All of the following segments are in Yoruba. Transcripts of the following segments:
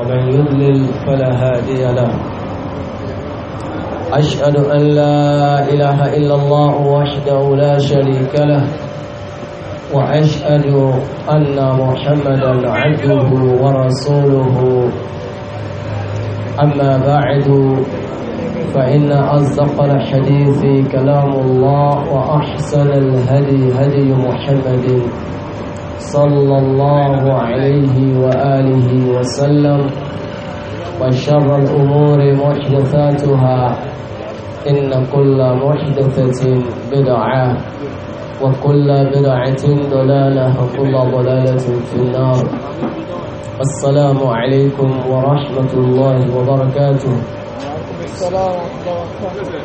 ومن يضلل فلا هادي له أشهد أن لا إله إلا الله وحده لا شريك له وأشهد أن محمدا عبده ورسوله أما بعد فإن أصدق الحديث كلام الله وأحسن الهدي هدي محمد صلى الله عليه وآله وسلم وشر الأمور محدثاتها إن كل محدثة بدعة وكل بدعة ضلالة وكل ضلالة في النار السلام عليكم ورحمة الله وبركاته السلام ورحمة الله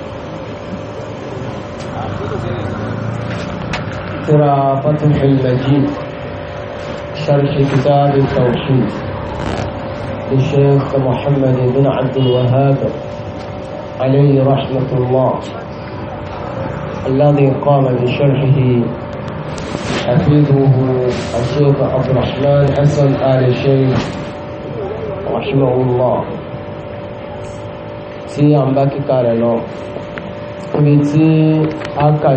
وبركاته ترى فتح المجيد شرح كتاب التوحيد للشيخ محمد بن عبد الوهاب عليه رحمة الله الذي قام بشرحه حفيده الشيخ عبد الرحمن حسن آل الشيخ رحمه الله tí à ń bá kíkà rẹ̀ lọ ibi tí a kà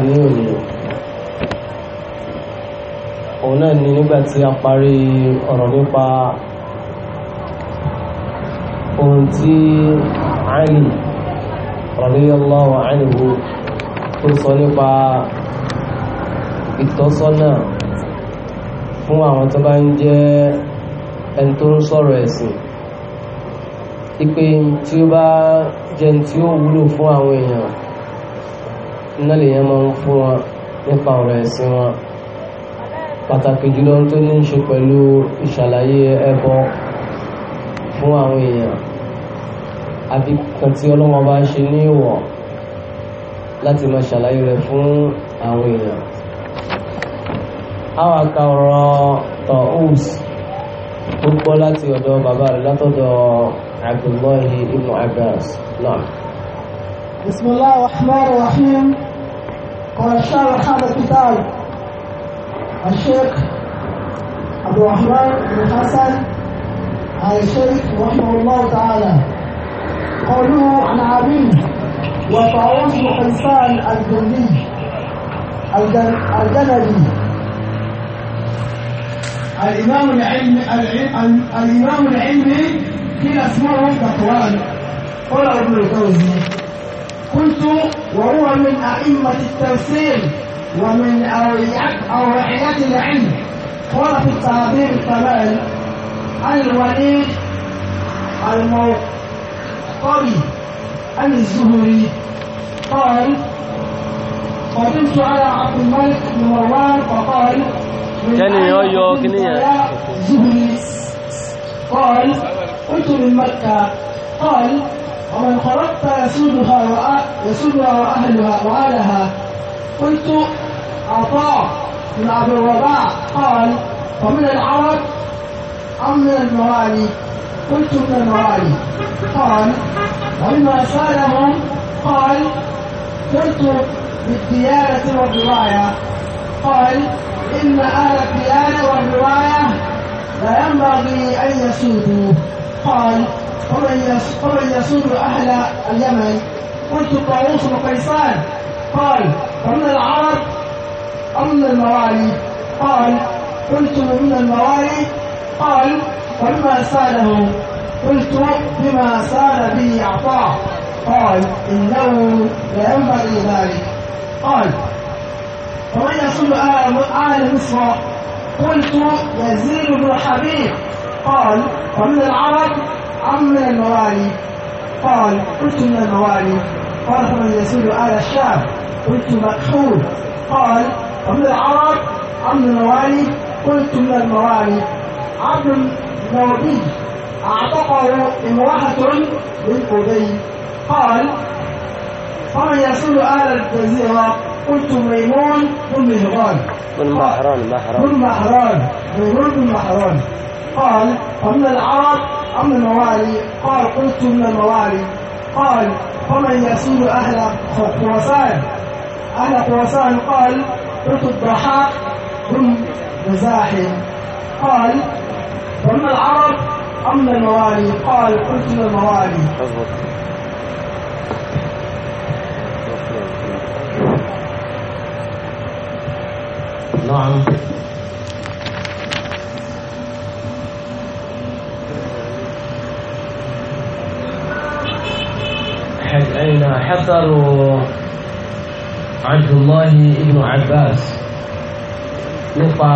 òun náà ni nígbà tí a parí ọ̀rọ̀ nípa ohun tí Ali radiyallahu anhu tó sọ nípa ìtọ́sọ́nà fún àwọn tó bá ń jẹ́ ẹni tó ń sọ̀rọ̀ ẹ̀sìn ipe tí ó bá jẹ́ tí ó wúlò fún àwọn èèyàn náà lèyàn máa ń fún wọn nípa ọ̀rọ̀ ẹ̀sìn wọn pàtàkì jùlọ tó ní ṣe pẹ̀lú ìṣàlàyé ẹbọ fún àwọn èèyàn àbí kan tí ọlọ́wọ́n bá ṣe ní ìwọ̀ láti máa ṣàlàyé rẹ̀ fún àwọn èèyàn. àwọn àka ọ̀rọ̀ tọ̀hús ó gbọ́ láti ọ̀dọ̀ bàbá rẹ̀ látọ̀dọ̀ Abdullahi ibn Abbas náà. بسم الله الرحمن الرحيم قال الشارع هذا الكتاب الشيخ عبد الرحمن بن حسن على الشيخ رحمه الله تعالى قوله عن عبيد وطاووس حسان الجندي الجندي الإمام العلم الإمام العلمي كلا اسمه تقوان قال ابن القيم قلت وهو من أئمة التفسير ومن أولياء أو رعية العلم وفي التعبير التمام الوليد الموقري الزهري قال قدمت على عبد الملك بن مروان فقال كان يويو يا زهري قال قلت من مكة قال ومن خلقت يسودها وأهلها وأهلها قلت عطاء بن عبد الرباح قال ومن العرب أم من الموالي قلت من الموالي قال ولما سالهم قال سرت بالديانة والرواية قال إن أهل الديانة والرواية لا ينبغي أن يسودوا قال ومن يسود أهل اليمن قلت طاووس وقيصان قال ومن العرب أم الموالي قال قلت من الموالي قال ولما ساله قلت بما سال به أعطاه قال إنه لا ينبغي ذلك قال ومن يصل آل مصر قلت يزيد بن حبيب قال ومن العرب أم من الموالي قال قلت من الموالي قال فمن يزيد آل الشام قلت مكحول قال ومن العرب عبد الموالي قلت من الموالي عبد نوبي اعتقه امرأة من أبي قال فمن يصل أهل الجزيرة قلت ميمون بن مهران بن مهران مهران بن مهران ميمون بن مهران قال ومن العرب أم الموالي قال قلت من الموالي قال فمن يصل أهل خراسان أهل خراسان قال قلت الضحاك بن مزاحم قال ومن العرب أم الموالي قال قلت من الموالي نعم أين حصل Abdullahi ibn Abbas nípa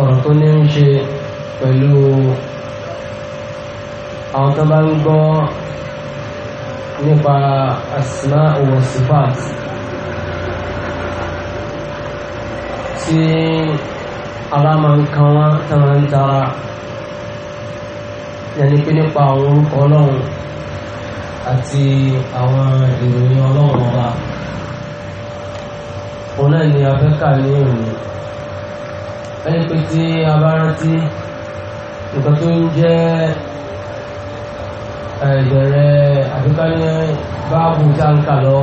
ọ̀rọ̀ tó ní ń ṣe pẹ̀lú àwọn tó bá ń gbọ́ nípa asma wa sifat tí ara máa ń kan wá tó máa ń tara yẹni pé nípa àwọn orúkọ ọlọ́run àti àwọn ìròyìn ọlọ́run ọba òun náà ni a fẹ́ kà ní òní ẹni pé tí a bá rántí nǹkan tó ń jẹ́ ìbẹ̀rẹ̀ àfikánná báàbù tá ń kà lọ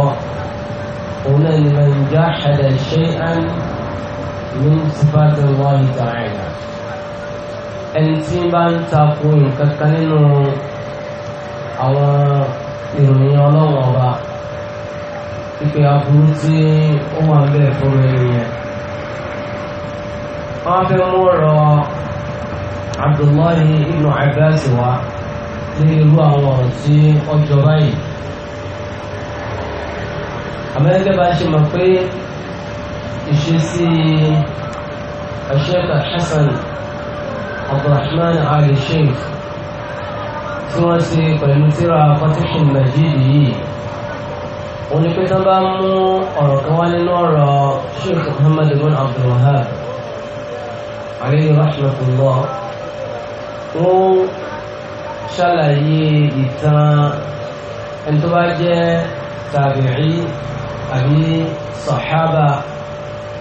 òun náà ni man jahada shay'an min sifati Allahi ta'ala ẹni tí bá ń takò nǹkan kan nínú àwọn ìròyìn ọlọ́wọ́n ọba ìpè aburú tí ó wà ń bẹ̀ fún ènìyàn. wọ́n fẹ́ mú ọ̀rọ̀ Abdullahi ibn Abbas wá ní irú àwọn ọ̀rọ̀ tí wọ́n jọ báyìí. amẹ́ríkà bá ṣe mọ̀ pé ìṣesí Sheikh Hasan Abdulrahman Ali Sheikh tí wọ́n ṣe pẹ̀lú tíra Fatihul Majid yìí òun ni pé tán bá mú ọ̀rọ̀ kan wá nínú ọ̀rọ̀ Sheikh Muhammad ibn Abdul Wahab alayhi rahmatullah wọ́n ṣàlàyé ìtàn ẹni tó bá jẹ́ tàbí'í àbí sàhábà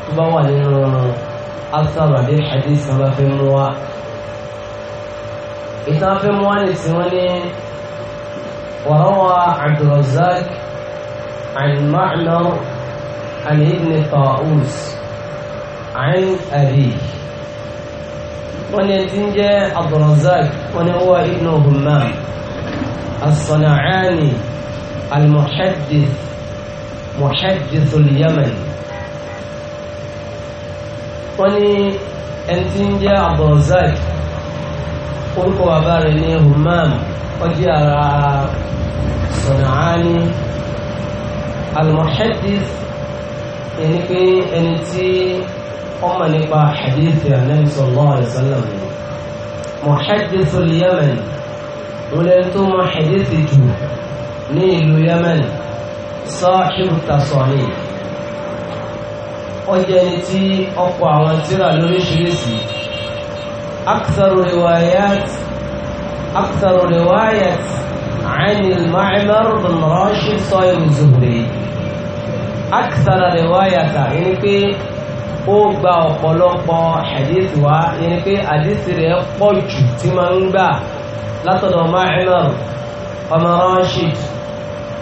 tó bá wà nínú asàrò hadith bá fẹ́ mú wa ìtàn fẹ́ mú wa nìsí wọn ni wàhánwá Abdul عن معمر عن ابن طاووس عن أبيه ونتنجى عبد الرزاق وهو ابن همام الصنعاني المحدث محدث اليمن وني أنتنجى عبد الرزاق orúkọ bàbá rẹ̀ ní humam المحدث ẹni pé ẹni tí ọmọ nípa hadithi anabi sallallahu alaihi wasallam ni muhaddithul yemen wọlé tó mọ hadithi jù ní ìlú yemen sahibu tasọ̀ni ó jẹ́ ẹni tí ọ̀pọ̀ àwọn tírà lóríṣiríṣi aksaru riwayat aksaru riwayat عن المعمر بن راشد صايم الزهري akitara rẹ̀ wá yàtà yẹni pé ó gba ọ̀pọ̀lọpọ̀ hadith wá yẹni pé hadith rẹ̀ pọ̀ jù tí máa ń gbà látọ̀dọ̀ Ma'mar ọmọ Rashid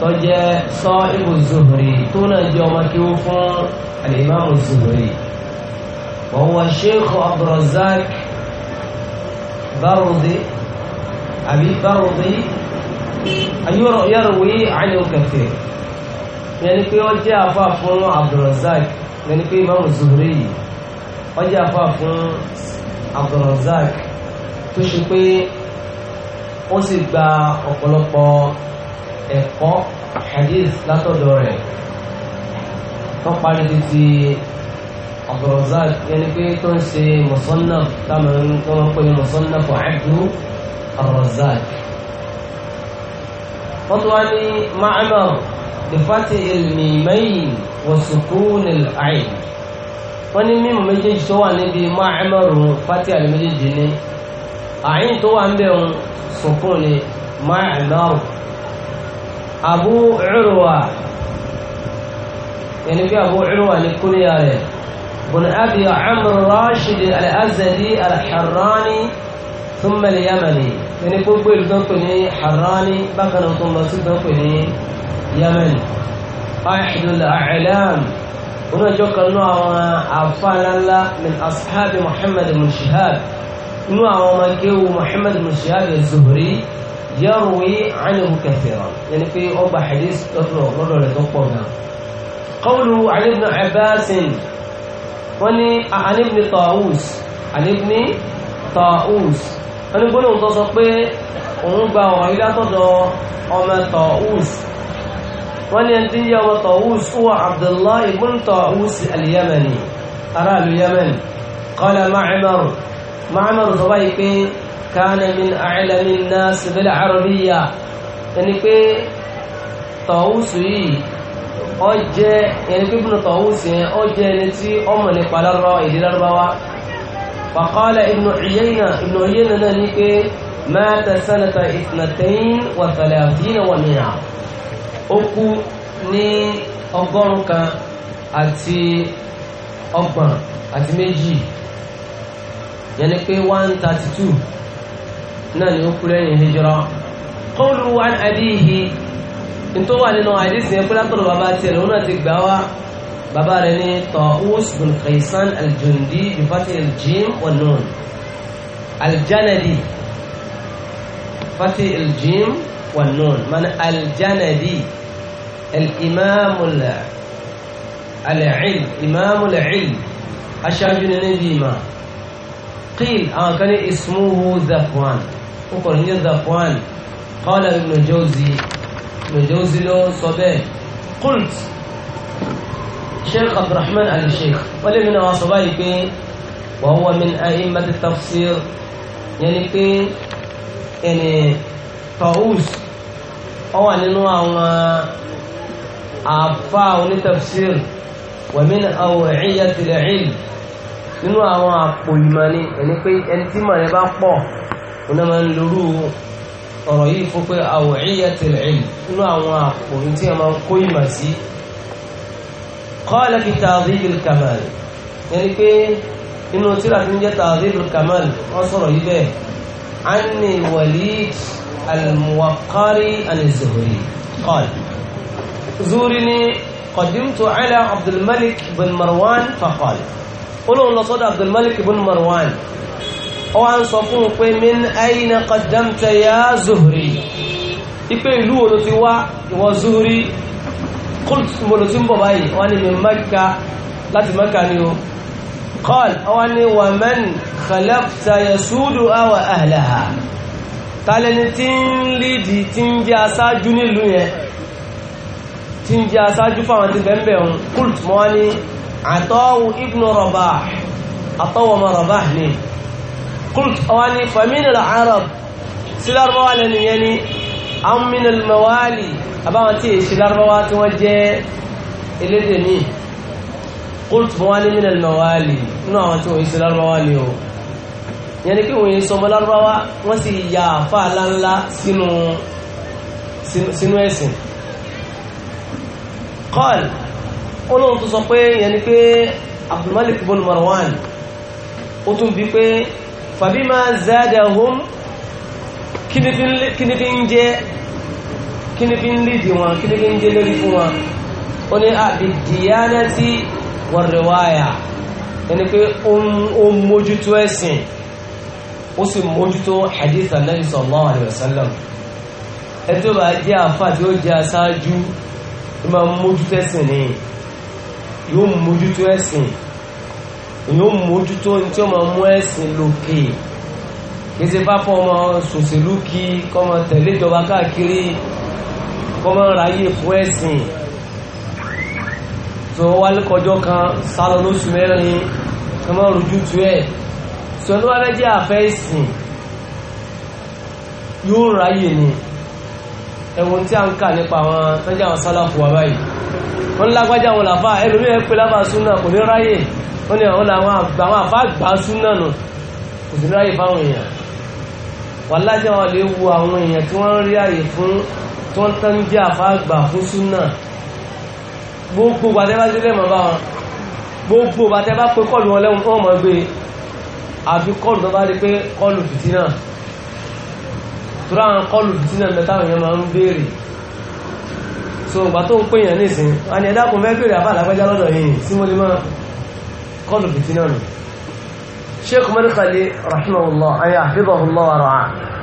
tó jẹ́ sahibu Zuhri tó náà jẹ́ ọmọ kí ó fún al-Imam Zuhri wa huwa Sheikh Abdurrazzaq برضي أبي برضي أن يروي عنه كثير yẹn ni pé wọ́n jẹ́ àfà fún Abdulrazak yẹn ni pé imáàmù Zuhri yìí wọ́n jẹ́ àfà fún Abdulrazak tó ṣe pé ó sì gba ọ̀pọ̀lọpọ̀ ẹ̀kọ́ hadith látọ̀dọ̀ rẹ̀ wọ́n parí títí Abdulrazak yẹn ni pé tó ń ṣe musannaf táwọn ń pè ní musannaf Abdulrazak wọ́n tó wá ní Ma'mar ìfàtí ìlmìmẹ́yìn wọ̀sùkúnì àìn wọ́n ní mímọ̀ méjèèjì tó wà níbi Ma'mar fàtí àlùmẹ́jèèjì ní àyìn tó wà ń bẹ̀ ń sùkúnì Ma'mar Abu Urwa yẹni bí Abu Urwa ní kúnìyà rẹ̀ bùn Abi Rashid al-Azdi ثم اليمني يعني كوكو الدوكني حراني بكر ثم الدوكني يمن أحد الأعلام هنا جوكر نوع أفعل الله من أصحاب محمد بن شهاب نوع كيو محمد بن شهاب الزهري يروي عنه كثيرا يعني في أربع حديث تطلع مرة لتقوى قوله عن ابن عباس وني عن ابن طاووس عن ابن طاووس ẹni gbólóhùn tó sọ pé òun gba ọ̀rọ̀ ilé àtọ̀dọ̀ ọmọ Tawus wọ́n ní ẹni tí ń yẹ ọmọ Tawus wà Abdullah ibn Tawus al-Yamani aráàlú Yemen qala Ma'mar Ma'mar tó báyìí pé kana min a'lami jẹ́ ẹni tí ọmọ nípa lọ́rọ̀ èdè lárúbáwá وقال ابن عيينة ابن عيينة ذلك مات سنة اثنتين وثلاثين ومئة أكو ني أغرق أتي أغرق àti méjì yẹni pé one thirty two náà ni ó kú lẹ́yìn hijira kọ́ọ̀lù wa àdéhìí nítorí wà nínú àdéhìí yẹn pé látọ̀dọ̀ bàbá tiẹ̀ lòun náà ti gbà wá bàbá rẹ̀ ní Tawus bin Kaysan al-Jundi bifati al-jim wa nun al-Janadi fati al-jim wa nun man al-Janadi al-imam al-ilm imam al ilm ní níbi ìmọ̀ قيل آه كان اسمه ذكوان وقال هي ذكوان قال ابن جوزي ابن جوزي قلت شيخ عبد الرحمن sheikh wọ́n lè nínú وهو من أئمة التفسير يعني huwa min a'immati tafsir yẹn ni pé تفسير ومن ọ wà nínú àwọn àfa onítafsir wa min aw'iyatil ilm nínú àwọn àpò ìmọ̀ ni ẹni pé ẹni tí mọ̀ rẹ bá pọ̀ wọn náà ń lorú ọ̀rọ̀ yìí fún pé aw'iyatil ilm nínú àwọn àpò tí wọ́n máa ń kó ìmọ̀ sí qala fi ta'dhibul kamal yẹni pé inú tíra tí ń jẹ́ ta'dhibul kamal wọ́n sọ̀rọ̀ yí bẹ́ẹ̀ anni walid al-muwaqqari an-zuhri qala zuhri ni qadimtu ala abdul malik bin marwan faqala olóhùn lọ sọ́dọ̀ abdul malik bin marwan ó wá ń sọ fún un pé min ayna qaddamta ya zuhri ipe ìlú wo ló ti wá ìwọ zuhri kult mbolo tí ń bọ̀ báyìí wọ́n ni min maka láti maka ni o qal wọ́n ni wa man khalafta yasudu awa ahlaha tálẹ́ni tí ń lídì tí ń jẹ́ asájú nílùú yẹn tí ń jẹ́ asájú fáwọn ti bẹ̀m̀bẹ̀ ohun kult mọ́ wọ́n àbáwọn tí èsì lárúbáwá tí wọ́n jẹ́ elédè ní kóòtù wọn ní mílẹ̀ mọ̀wáàlì nínú àwọn tí wọ́n èsì lárúbáwá ni o yẹn ni pé wọ́n èsì ọmọ lárúbáwá wọ́n sì ya àfa aláńlá sínú sínú ẹ̀sìn kọ́ọ̀l olóhùn tó sọ pé yẹn pé abdulmalik ibn marwan ó tún bí pé fàbí máa zádà kí ni fi ń lìdì wọn kí ni fi ń jẹ́ lórí o wọn ó ní àbìdíyánẹ́tì ah, wọ̀rẹ̀wáyà ẹni pé ó mójútó ẹ̀sìn ó sì mójútó hadith anabi sallallahu alayhi wa sallam ẹni tó bá jẹ́ àfà tí ó jẹ́ aṣáájú ló máa mójútó ẹ̀sìn ni yóò mójútó ẹ̀sìn yóò mójútó ní tí ó máa mú ẹ̀sìn lókè kí ṣe bá fọ́ ọmọ sòṣèlú kí kọ́ ọmọ tẹ̀lé ìjọba káàkiri kọ́mọ́ ráyè fún ẹ̀sìn tó wá lẹ́kọjọ́ kan sálọ lóṣù mẹ́rin kọ́mọ́ rújú tu ẹ̀ tí wọ́n tó bá fẹ́ jẹ́ àfẹ́ ẹ̀sìn yóò ráyè ni ẹ̀wọ̀n tí a ń kà nípa àwọn tọ́jà àwọn sálàfù wà báyìí wọ́n lágbájá àwọn làfà ẹlòmí ẹ̀ pé lábà súnà kò ní ráyè wọ́n ní àwọn àwọn àfà gbà súnà nù kò sí ráyè fáwọn èèyàn wà wọn lè wo àwọn èèyàn tí wọ́n ń rí àyè fún tó ń tán jẹ́ àfáàgbà fún súnà gbogbo bàtẹ́bá délẹ̀ mọ́ bá wọn gbogbo bàtẹ́bá pé kọlù wọn lẹ́wọ̀n fún ọmọ gbé àfi kọlù tó bá rí pé kọlù fìtínà tó ráwọn kọlù fìtínà mẹ́tàwọn yẹn máa ń béèrè so ìgbà tó ń pè yàn nísìn a ní ẹ̀dàkùn fẹ́ béèrè àbá àlágbájá lọ́dọ̀ yìí sí mo lè máa kọlù fìtínà nù Sheikh mẹ́rìkàlì rahimahullah ayé àfihàn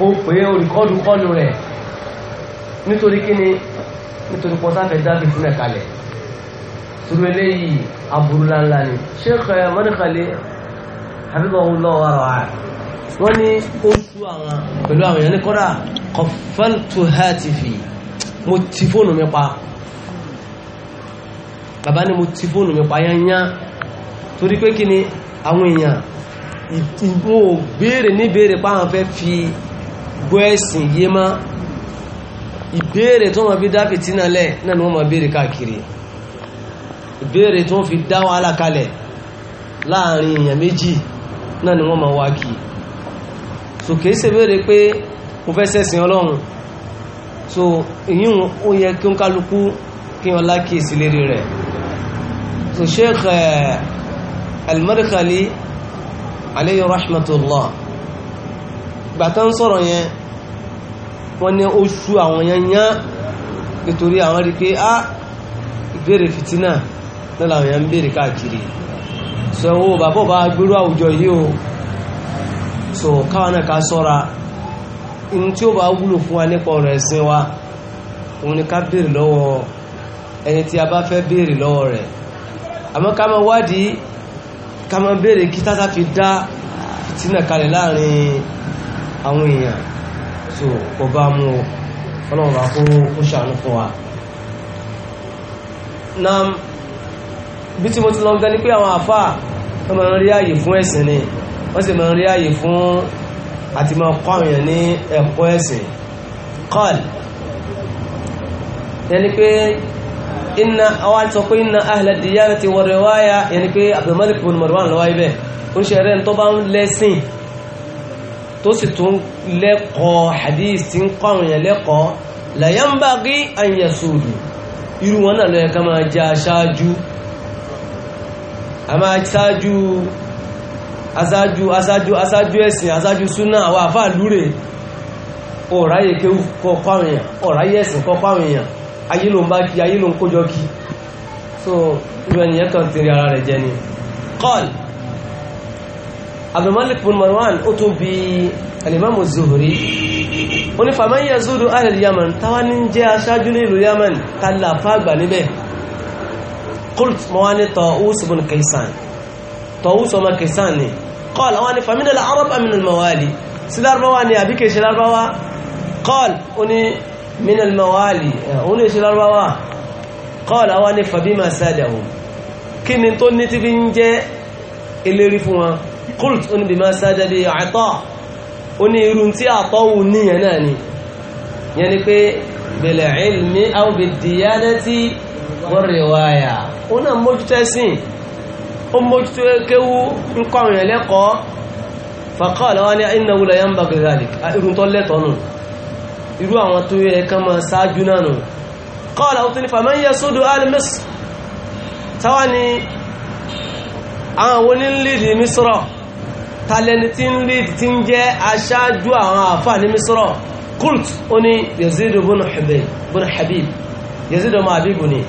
ó ń pè é olùkọ́lù kọ́lù rẹ̀ nítorí kí ni nítorí pọ́sáfẹ́ dábì fún ẹ̀kalẹ̀ sùrù eléyìí aburúláńlá ni Sheikh eh, mọ́nìkàlẹ́ habibahullah wa ra'ah wọ́n ní ó sú àwọn pẹ̀lú àwọn èèyàn ní kọ́dà kọfẹ́ntù hẹ́tìfì mo ti fóònù mi pa bàbá ni mo ti fóònù mi pa yányá torí pé kí ni àwọn èèyàn ìdìbò béèrè gbọ́ ẹ̀sìn yé má ìbéèrè tó wọ́n fi dá fìtínà lẹ̀ náà ni wọ́n máa béèrè káàkiri ìbéèrè tó wọ́n fi dá wàhálà kalẹ̀ láàrin èèyàn méjì náà ni wọ́n máa wá kì í so kìí ṣe béèrè pé mo fẹ́ sẹ́sìn ọlọ́run so èyí ó yẹ kí ó kálukú kí wọ́n lákìí lérí rẹ̀ so sheikh eh, al-Marghali alayhi gbàtà ń sọ̀rọ̀ yẹn wọ́n ní ó ṣú àwọn yẹn yán nítorí àwọn rí pé á ah, ìbéèrè fìtínà náà làwọn yẹn ń béèrè káàkiri sọ wo oh, bàbá bá gbérú àwùjọ yìí o sọ káwọn náà ká sọ́ra ní tí ó bá wúlò fún wa nípa ọ̀rọ̀ ẹ̀sìn wa òun ni ká béèrè lọ́wọ́ ẹni tí a bá fẹ́ béèrè lọ́wọ́ rẹ̀ àmọ́ ká máa wádìí ká máa béèrè kí tátà fi dá fìtínà kalẹ̀ láàrin àwọn èèyàn so kò bá mú o ọlọ́run bá kó kó ṣàánú fún wa. na bí tí mo ti lọ gan ni pé àwọn àfa wọ́n máa ń rí ààyè fún ẹ̀sìn ni wọ́n sì máa ń rí ààyè fún àti máa kọ́ àwọn èèyàn ní ẹ̀kọ́ ẹ̀sìn kọ́ọ̀lì yẹni pé inna àwọn sọ pé inna ahla diyana ti wọ̀rẹ̀ wáyà yẹni pé Abdulmalik bin Marwan lọ́wọ́ ibẹ̀ ó ń ṣe ẹ̀rẹ́ tó bá ń lẹ́sìn tó sì tún lẹ́kọ̀ọ́ hadith tí ń kọ́ àwọn èèyàn lẹ́kọ̀ọ́ làyánbágí àyẹ̀sòdù irú wọn náà lọ́yẹ̀ká máa jẹ́ aṣáájú a máa ṣáájú aṣáájú aṣáájú aṣáájú ẹ̀sìn aṣáájú súnà àwọn àfáà lúre ọ̀ráyè kéwù kọ́kọ́ àwọn èèyàn ọ̀ráyè ẹ̀sìn kọ́kọ́ àwọn èèyàn ayé ló ń bá kí ayé ló ń kójọ kí so irú ẹnìyẹn kan ti rí ara rẹ̀ jẹ ni kọ́ọ̀lù abdulmalik bin marwan ó tún bi alimamu zuhuri ó ní faman yazudu ahlil yaman táwa ní jẹ́ aṣáájú ní ìlú yaman tàlà fàgbà níbẹ̀ kult mọ́wá ní tọ́wúsù bin kaisan tọ́wúsù ọmọ kaisan ni qal àwọn ni famin al arab amin al mawali sí lárúbáwá ni àbí kèṣe lárúbáwá qal ó ní min al mawali ó ní èṣe lárúbáwá qal àwọn ni fabima sadahum kí ni tó ní ti fi ń jẹ́ eléri fún wọn qult ó ní bí máa sáájá bí àtọ ó ní irú tí àtọ wù níyẹn náà ni yẹn ni pé bil ilmi aw bid diyanati wa riwaya ó náà mójútó ẹ̀sìn ó mójútó kéwú ń kọ́ àwọn èèyàn lẹ́kọ̀ọ́ fàkọ́ọ̀lá wá ní innahu la yanbaghi dhalik irú tó lẹ́tọ̀ọ́ nù irú àwọn tó yẹ ká máa ṣáájú náà nù kọ́ọ̀lá ó tún ní faman yasudu al Misr táwa ni àwọn onílìdì Misra talẹni tí ń lè tí ń jẹ́ aṣáájú àwọn àfáà ní mísírọ̀ kult ó ní yazidu bun habib yazidu ma habib ni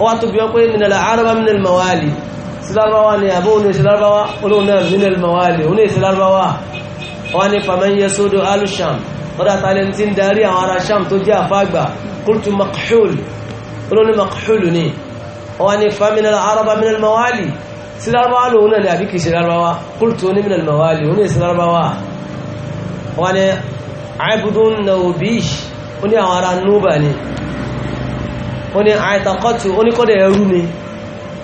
ó wá tó bí wọ́n pé minal araba minal mawali silarbawa ni àbó ní silarbawa olóhùn náà minal mawali ó ní silarbawa wọ́n ní faman yasudu alusham ọ̀dá talẹni tí ń darí àwọn ará sham tó jẹ́ àfáàgbà kult makhul olóhùn makhul ni wọ́n ní faminal araba minal mawali sí lárúbáwá lòun náà ni àbí kìí ṣe lárúbáwá kúrùtù onímìnà mọ̀wálì òun ní ṣe lárúbáwá wọn ni àìbùdún na òbí ó ní àwọn ará núbà ni ó ní àìtàkọ́tù ó ní kọ́dẹ̀ ẹrú ni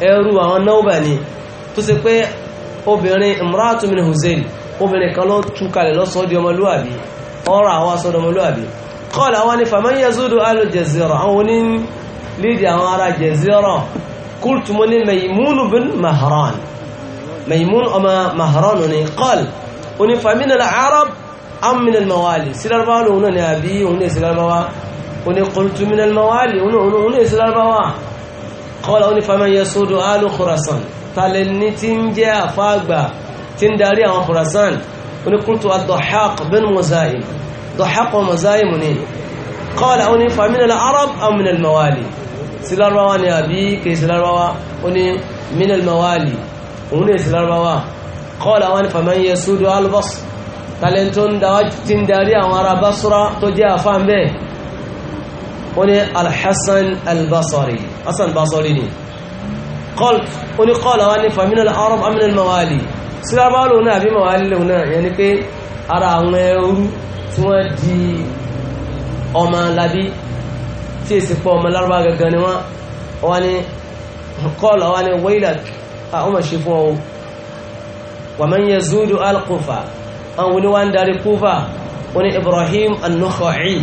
ẹrú àwọn núbà ni tó ṣe pé obìnrin imratu min hussein obìnrin kan ló tú kalẹ̀ lọ́sọ̀ọ́ di ọmọlúwàbí ọ̀rọ̀ àwọn aṣọ́ ọmọlúwàbí kọ́ọ̀lù àwọn ni fàmáyé zúdù alùjẹ̀zẹ̀rọ̀ àwọn oní lídìí àwọn ará jẹ̀zẹ̀rọ̀ قلت من الميمون بن مهران ميمون أما مهران قال أني فمن العرب أم من الموالي سلال بالو هنا نبي هنا سلال بوا أني قلت من الموالي هنا هنا هنا سلال بوا قال أني فمن يسود آل خراسان فلني تنجا فاقبا تنداري عن خراسان أني قلت الضحاق بن مزايم ضحاق ومزايم قال أني فمن العرب أم من الموالي sí lárúbáwá ni àbí kìí sí lárúbáwá ó ní minal mawali òun ní sí lárúbáwá kọ́ọ̀lù àwọn ìfàmẹ́yẹ sudu albus talẹ̀ tó ń dáwà tí ń darí àwọn ará basura tó jẹ́ àfáàn bẹ́ẹ̀ ó ní alhassan albasari hassan basari ni ó ní kọ́ọ̀lù àwọn ìfàmẹ́yẹ arab aminal tí èsì pọ̀ ọmọ lárúbá gangan ni wọ́n wá ní kọ́ọ̀lù wá ní wailak àwọn ọmọ ṣe fún ọ wà man yazudu al-Kufa àwọn oní wá ń darí Kufa oní Ibrahim an-Nakhai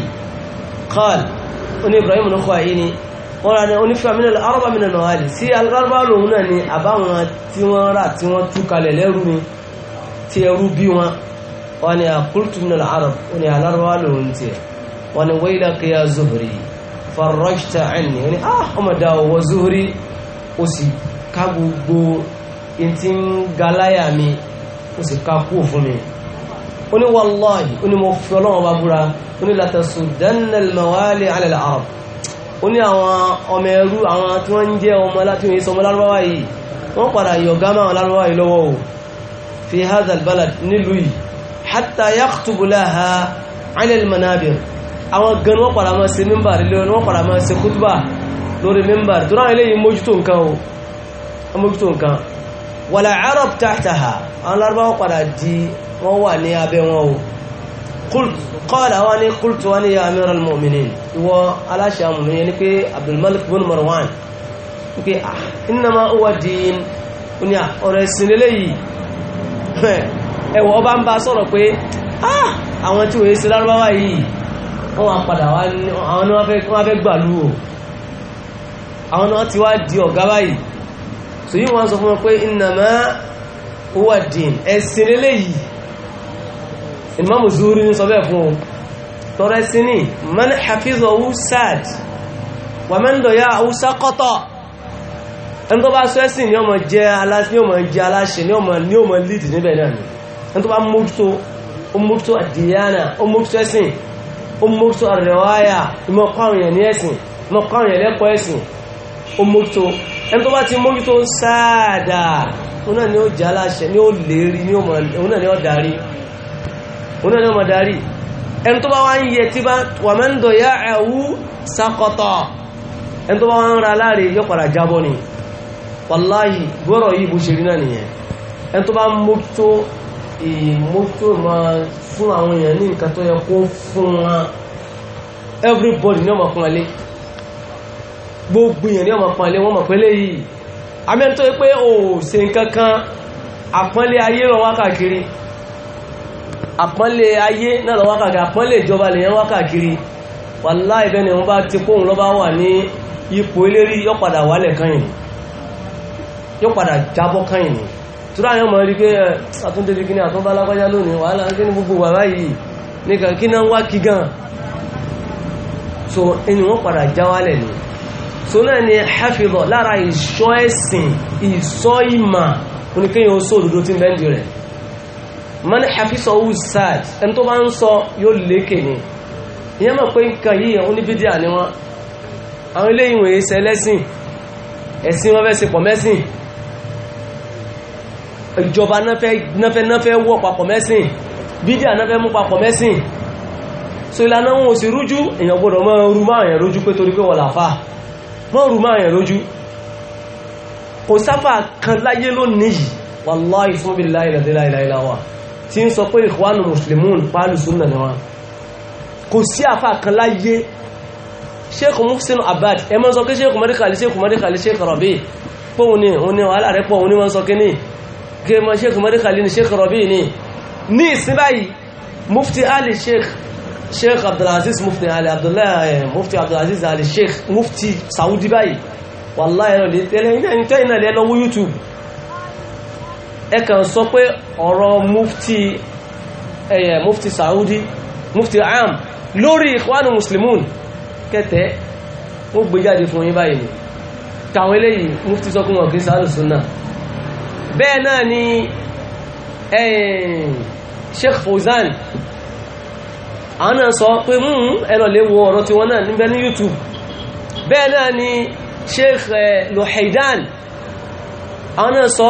qal oní Ibrahim an-Nakhai ni wọ́n rà ní onífẹ́ àmì arọ́bà mi nà wáyé sí alárúbá lòun náà ni àbáwọn tí wọ́n rà tí wọ́n tú kalẹ̀ lẹ́rú ni tí ẹrú bí wọn wọ́n ni àkúrútù mi nà arọ́bà wọ́n ni alárúbá lòun tiẹ̀ wọ́n ni wailak ya Zuhri farajta ẹni ó ní ah ọmọdá ọwọ́ zuhuri ó sì ká gbogbo in ti ń galáyà mi ó sì ká kú fún mi ó ní wallahi ó ní mo fi ọlọ́wọ́ bá búra ó ní latasuddanna al-mawali ala al-arab ó ní àwọn ọmọ ẹrú àwọn tí wọ́n ń jẹ́ ọmọ láti òye sọmọ lárúbáwá yìí wọ́n padà yọ̀gá máa lárúbáwá yìí lọ́wọ́ o fi hadha balad nílùú yìí hatta yaktubu laha ala manabir àwọn gan wọ́n padà máa ṣe mímbàrí lórí wọ́n padà máa ṣe kútùbà lórí mímbàrí tó ráwọn eléyìí mójútó nǹkan o mójútó nǹkan wàlà arab tahtaha àwọn lárúbáwọ́ padà di wọ́n wà ní abẹ́ wọn o kọ́ọ̀dà wá ní qultu wá ní ya amir al-mu'minin ìwọ aláṣẹ amúnú yẹn ni pé abdulmalik bin marwan ni pé ah innama huwa din ní ah, ọ̀rọ̀ ìsìn lélẹ́yìí ẹ̀wọ̀ ọba ń bá sọ̀rọ̀ pé ah àwọn tí wọ́n yé sí lárúbáwá yìí wọ́n wá padà wá ní àwọn náà wọ́n fẹ́ gbàlú o àwọn náà ti wá di ọ̀gá báyìí so yíò wọ́n sọ fún wọn pé innama huwa din ẹ̀sìn lélẹ́yìí Imamu Zuhri ní sọ bẹ́ẹ̀ fún o tọrẹ sí ní man hafizahu sad wà man daya'ahu saqata ẹni tó bá sọ ẹ̀sìn ní ọmọ jẹ́ aláṣẹ ní ọmọ lead níbẹ̀ náà ni ẹni tó bá mójútó ó mójútó àdìyànà ó mójútó àrẹ̀wáyà ìmọ̀ kọ́rin ẹ̀ ní ẹ̀sìn ìmọ̀ kọ́rin ẹ̀ lẹ́kọ̀ọ́ ẹ̀sìn ó mójútó ẹni tó bá ti mójútó sáàdà òun náà ni ó jà láṣẹ ni ó lérí ni òun náà ni ó darí òun náà ni ó mọ̀ darí ẹni tó bá wá ń yẹ tí bá wà máa ń dọ̀ yá ẹ̀wú sakọ̀tọ̀ ẹni tó bá wá ń ra láre yóò padà jábọ́ ni wàláhì gbọ́rọ̀ yìí bó ṣe rí náà nìyẹn ẹni tó bá ìmójútó ma fún àwọn èèyàn ní nǹkan tó yẹ kó fún wọn everybody ní ọmọ fún wọn gbogbo èèyàn ní ọmọ fún wọn wọn mọ̀ pẹ́lẹ́ yìí amẹ́ni pé ò ṣe nǹkan kan àpọ́nlé ayé lọ wákàkiri àpọ́nlé ayé náà lọ wákàkiri àpọ́nlé ìjọba lèyàn wákàkiri ni wọ́n tura yẹn mọ̀ rí pé eh, àtúndébí kí ni àtúnbá alágbájá lónìí wàhálà kí ni gbogbo wà báyìí nìkan kí náà wá kí gan so ẹni wọ́n padà já ni so náà ni hafidọ̀ lára ìṣọ́ ẹ̀sìn ìṣọ́ ìmà oníkéyàn ó sóòdòdó tí ń bẹ́ndì rẹ̀ man hafisọ̀ ó sad ẹni tó bá ń sọ yóò lékè ni ìyẹn mọ̀ pé nǹkan yìí oníbídíà ni wọ́n àwọn ilé ìwòye sẹlẹ́sìn ẹ̀sìn wọn fẹ́ ṣe pọ̀ mẹ́sìn ìjọba náfẹ́ wọ́ papọ̀ mẹ́sìn bídíà náfẹ́ mú papọ̀ mẹ́sìn so ìlànà wọn ò sí rújú èyàn gbọ́dọ̀ mọ́ rú máa yẹn lójú pé torí pé wọ́n làfà mọ́ rú máa yẹn lójú kò sáfà kan láyé lónìí yìí wàláì fún bí láìláìláìláwà tí ń sọ pé ìkwánu mùsùlùmún pàálù súnnà ni wọn kò sí àfà kan láyé sheikh muhsin abad ẹ mọ́ sọ pé sheikh mọ́díkàlì sheikh mọ́díkàlì sheikh rabi pé òun ni wàhálà rẹ̀ pọ̀ òun ni wọ́n sọ kí ni gẹ́mọ̀ sheikh mọ́díkàlì ní sheikh rọ̀bí ní ní ìsìn báyìí mufti ali sheikh sheikh abdulaziz mufti ali abdullahi eh, mufti abdulaziz ali sheikh mufti saudi báyìí wallahi ẹ̀rọ lè tẹ́lẹ̀ ìtẹ́ ìnà lẹ́ lọ́wọ́ youtube ẹ kàn sọ pé ọ̀rọ̀ mufti ẹ̀yẹ eh, eh, mufti saudi mufti am lórí ikhwanu muslimun kẹtẹ́ wọ́n gbé fún yín báyìí tàwọn eléyìí mufti sọ pé lùsùn náà bẹ́ẹ̀ náà ni eh, Sheikh Fawzan àwọn náà sọ pé mú hmm, ẹlọ lè wo ọ̀rọ̀ tí wọ́n náà níbẹ̀ ní YouTube bẹ́ẹ̀ náà ni Sheikh eh, Luhaidan àwọn náà sọ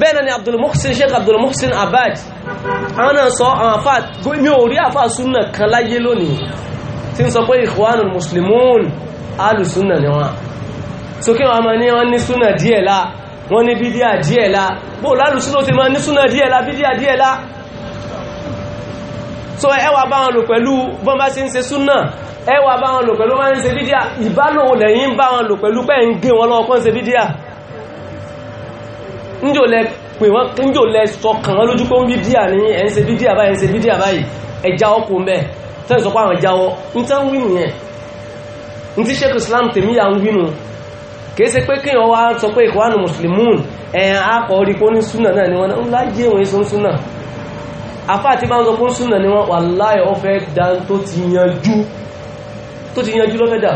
bẹ́ẹ̀ náà ni Abdul Muhsin Sheikh Abdul Muhsin Abad àwọn náà sọ àwọn àfà mi ò rí àfà súnà kan láyé lónìí tí ń sọ pé Ikhwanul Muslimun alùsúnà ni wọn so kí wọn máa ní wọn ní súnà díẹ̀ láà wọ́n ní bídíà díẹ̀ la bó lálùsí ló ti máa ní súnà díẹ̀ la bídíà díẹ̀ la so ẹwà bá wọn lò pẹ̀lú bọ́n bá sí ń ṣe súnà ẹwà bá wọn lò pẹ̀lú wọ́n ń ṣe bídíà ìbálòwò lẹ́yìn bá wọn lò pẹ̀lú pẹ́ ń gé wọn lọ́wọ́ pọ́n ṣe bídíà njò lẹ pè wọ́n njò lẹ sọkàn wọn lójú pé ń bídíà ní ẹ̀ ń ṣe bídíà báyìí ń ṣe bídíà báyìí ẹja ọkù ń bẹ tẹ́lẹ̀ sọ pé àwọn ẹja ọ ń tẹ́ islam tèmíyà ń wí nù kìí ṣe pé kí wọ́n wá sọ pé ìkọ̀wánu mùsùlùmún ẹ̀yàn akọ̀ọ́rí kó ní súnà náà ni wọ́n ń láyé wọn èso ń súnà afá àti bá ń sọ pé súnà ni wọ́n wà láyọ̀ ó fẹ́ da tó ti yanjú tó ti yanjú lọ́fẹ́ dà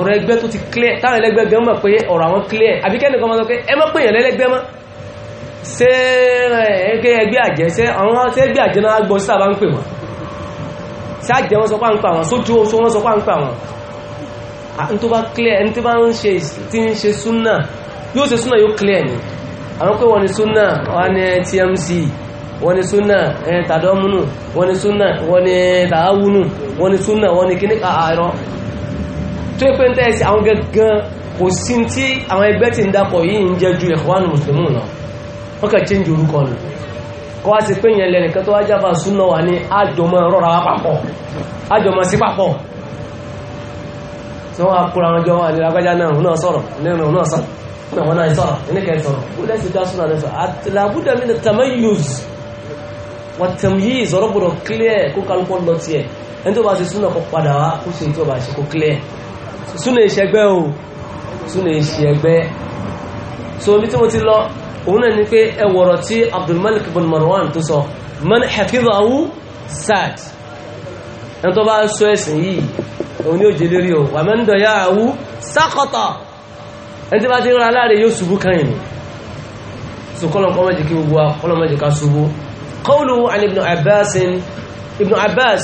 ọ̀rọ̀ ẹgbẹ́ tó ti clear táwọn ẹlẹ́gbẹ́ gan mọ̀ pé ọ̀rọ̀ àwọn clear àbí kẹ́nìkan máa sọ pé ẹ má pèèyàn lẹ́lẹ́gbẹ́ mọ́ ṣé ẹgbẹ́ ẹgbẹ́ àjẹ́ ṣé àwọn ṣé ẹgbẹ́ àjẹ́ náà gbọ́ sí àbá ń pè wọ́n ṣé àjẹ́ wọn sọ pé à ń pa àwọn sójú oṣù sọ pé à ń pa àwọn ẹni ah, tó bá clear ẹni tó bá ń ṣe tí ń ṣe súnà yóò ṣe súnà yóò clear ni àwọn pé wọ́n ni súnà wọ́n ni tmc wọ́n ni súnà ẹ̀ tàdọ́múnù wọ́n ni súnà wọ́n ni tàáwúnù wọ́n ni súnà wọ́n ni kíní àárọ̀ tó pé ń tẹ́ẹ̀sì àwọn gangan kò sí tí àwọn ẹgbẹ́ tí ń dapọ̀ yìí ń jẹ́ ju Ikhwanul Muslimun lọ wọ́n kà change orúkọ nù kọ́ wá sí pé yẹn lẹ́nìkan tó wá jábà súnà wà ní àjọmọ́ rọra papọ̀ àjọmọ́ sí papọ̀ tí wọ́n á kóra wọn jọ wọn àdìlágbájá náà òun náà sọ̀rọ̀ nínú òun náà sọ̀rọ̀ nínú àwọn náà sọ̀rọ̀ nínú kẹ́ sọ̀rọ̀ ó lẹ́sìn dá súnà lẹ́sọ̀ àtìlábúdà mi ni tamayuz wà tamyiz ọ̀rọ̀ gbọ́dọ̀ clear kó kálukọ́ lọ tiẹ̀ ẹni tó bá ṣe súnà kó padà wá kó ṣe tí ó bá ṣe kó clear súnà ìṣẹ́gbẹ́ o súnà ìṣẹ́gbẹ́ so omi tí mo ti lọ òun náà ni pé ẹwọ̀rọ̀ tí Abdulmalik bin Marwan tó sọ man hafizahu sad ẹni tó bá sọ ẹ̀sìn yìí òun ni ó jẹ lérí o wà máa ń dọ̀yà àwú sákọ̀tọ̀ ẹni tí bá ti rán aláàrẹ yóò ṣubú káyìn ni so kọ́lọ̀kọ́ mẹ́jì kí gbogbo akọ́lọ̀ mẹ́jì ká ṣubú kọ́ọ̀lù àni ibn abbas ibn abbas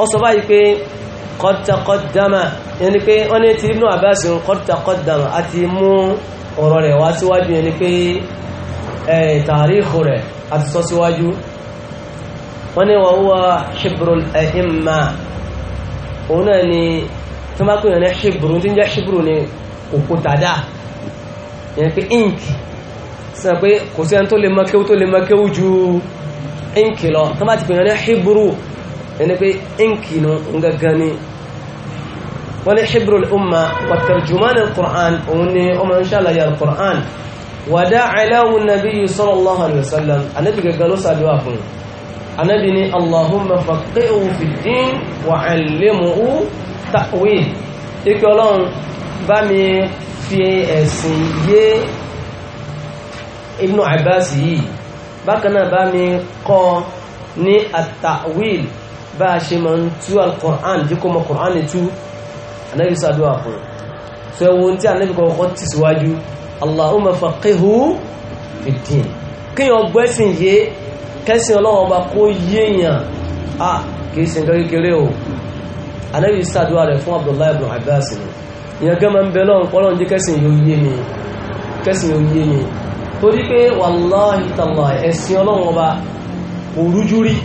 ó sọ báyìí pé kọ́tàkọ́dàmà òun náà ni tó bá pèèyàn ní ṣíbrù tí ń jẹ́ ṣíbrù ni òkúta yẹn pé ink sọ pé kò sí ẹni tó lè mọ kéwú tó lè mọ kéwú ju ink lọ tó bá ti pèèyàn ní ṣíbrù ẹni pé ink nu gangan ni wọ́n ní ṣíbrù l'umma wa tarjuman al-Qur'an òun ni ọmọ ń ṣàlàyé al wàdá àìláwù nàbí sallallahu alaihi wasallam anábì anábì ní allahumma faqihu fiddin wa allimhu ta'wil ike ọlọ́run bá mi fi ẹ̀sìn yé ibnu abbas yìí bákan náà bá mi kọ́ ní at-ta'wil bá a ṣe máa ń tú al-Qur'an díkọ́ mọ́ Qur'an tú anábì sàdúrà fún so ẹwọ tí a níbi kọ̀ọ̀kọ́ ti síwájú Allahumma faqihu fid-din kí yọ gbẹ́sìn yé kẹ́sìn ọlọ́wọ́n bá kó yéèyàn à kìí ṣe nǹkan kékeré o anábì sàdúrà rẹ̀ fún abdullahi ibn abbas ni ìyẹn gẹ́mọ ń bẹ lọ́run pọ́lọ́run jẹ́ kẹ́sìn yóò yé mi kẹ́sìn yóò yé mi torí pé wàláhì tàlá ẹ̀sìn ọlọ́wọ́n bá kò rújú rí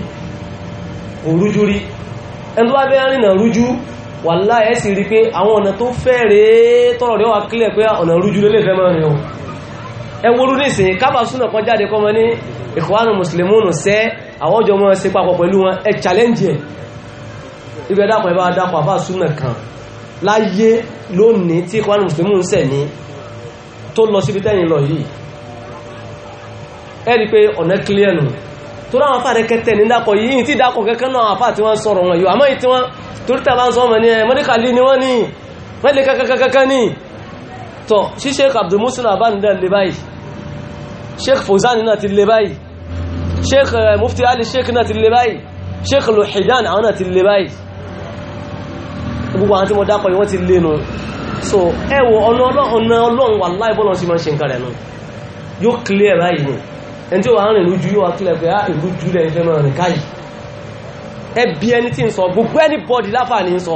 kò rújú rí ẹni tó bá bẹ́ẹ̀ rìnà rújú wàláhì ẹ̀ rí pé àwọn ọ̀nà tó fẹ́ rèé tọ́rọ̀ rẹ̀ wà kílẹ̀ pé ọ̀nà rújú lélẹ̀ fẹ́ mọ́ ni o ẹwọ́rú nísìn kábà súnà kan jáde kọmọ ní ìkọ̀wánù mùsùlùmí sẹ́ àwọn ọjọ́ wọn sí papọ̀ pẹ̀lú wọn ẹ challenge ẹ̀ ibi ẹ̀dàpọ̀ ẹ̀bá dàpọ̀ àfà súnà kan láyé lónìí tí ìkọ̀wánù mùsùlùmí sẹ̀ ní tó lọ síbi tẹ́yìn lọ yìí ẹ rí pé ọ̀nà clear nù tó láwọn afá rẹ̀kẹ́tẹ̀ ní dákọ̀ yìí tí dákọ̀ kẹ́kẹ́ náà afá tí wọ́n sọ̀rọ̀ wọn yìí àmọ́ ìtí wọ́n torítà bá ń sọ ọmọ ní ẹ̀ mọ́díkàlì ni wọ́n ní mọ́díkàkẹ́kẹ́kẹ́ ní tọ́ sí sheik abdulmusin abánidá lè báyìí sheik fozani náà ti lè báyìí sheik eh, mufti ali sheik náà ti lè báyìí sheik luhidan àwọn náà ti lè báyìí gbogbo àwọn tí mo dákọ̀ yìí ti lè nù so ẹwọ ọ̀nà ọlọ́run wà láì bọ́lọ̀ sí máa ṣe nǹkan rẹ̀ nù clear báyìí nù ẹni tí ó wà clear pé á ah, ìlú jù lẹ́yìn fẹ́ máa rìn káyìí ẹbí ẹni tí anybody láfà ní ń sọ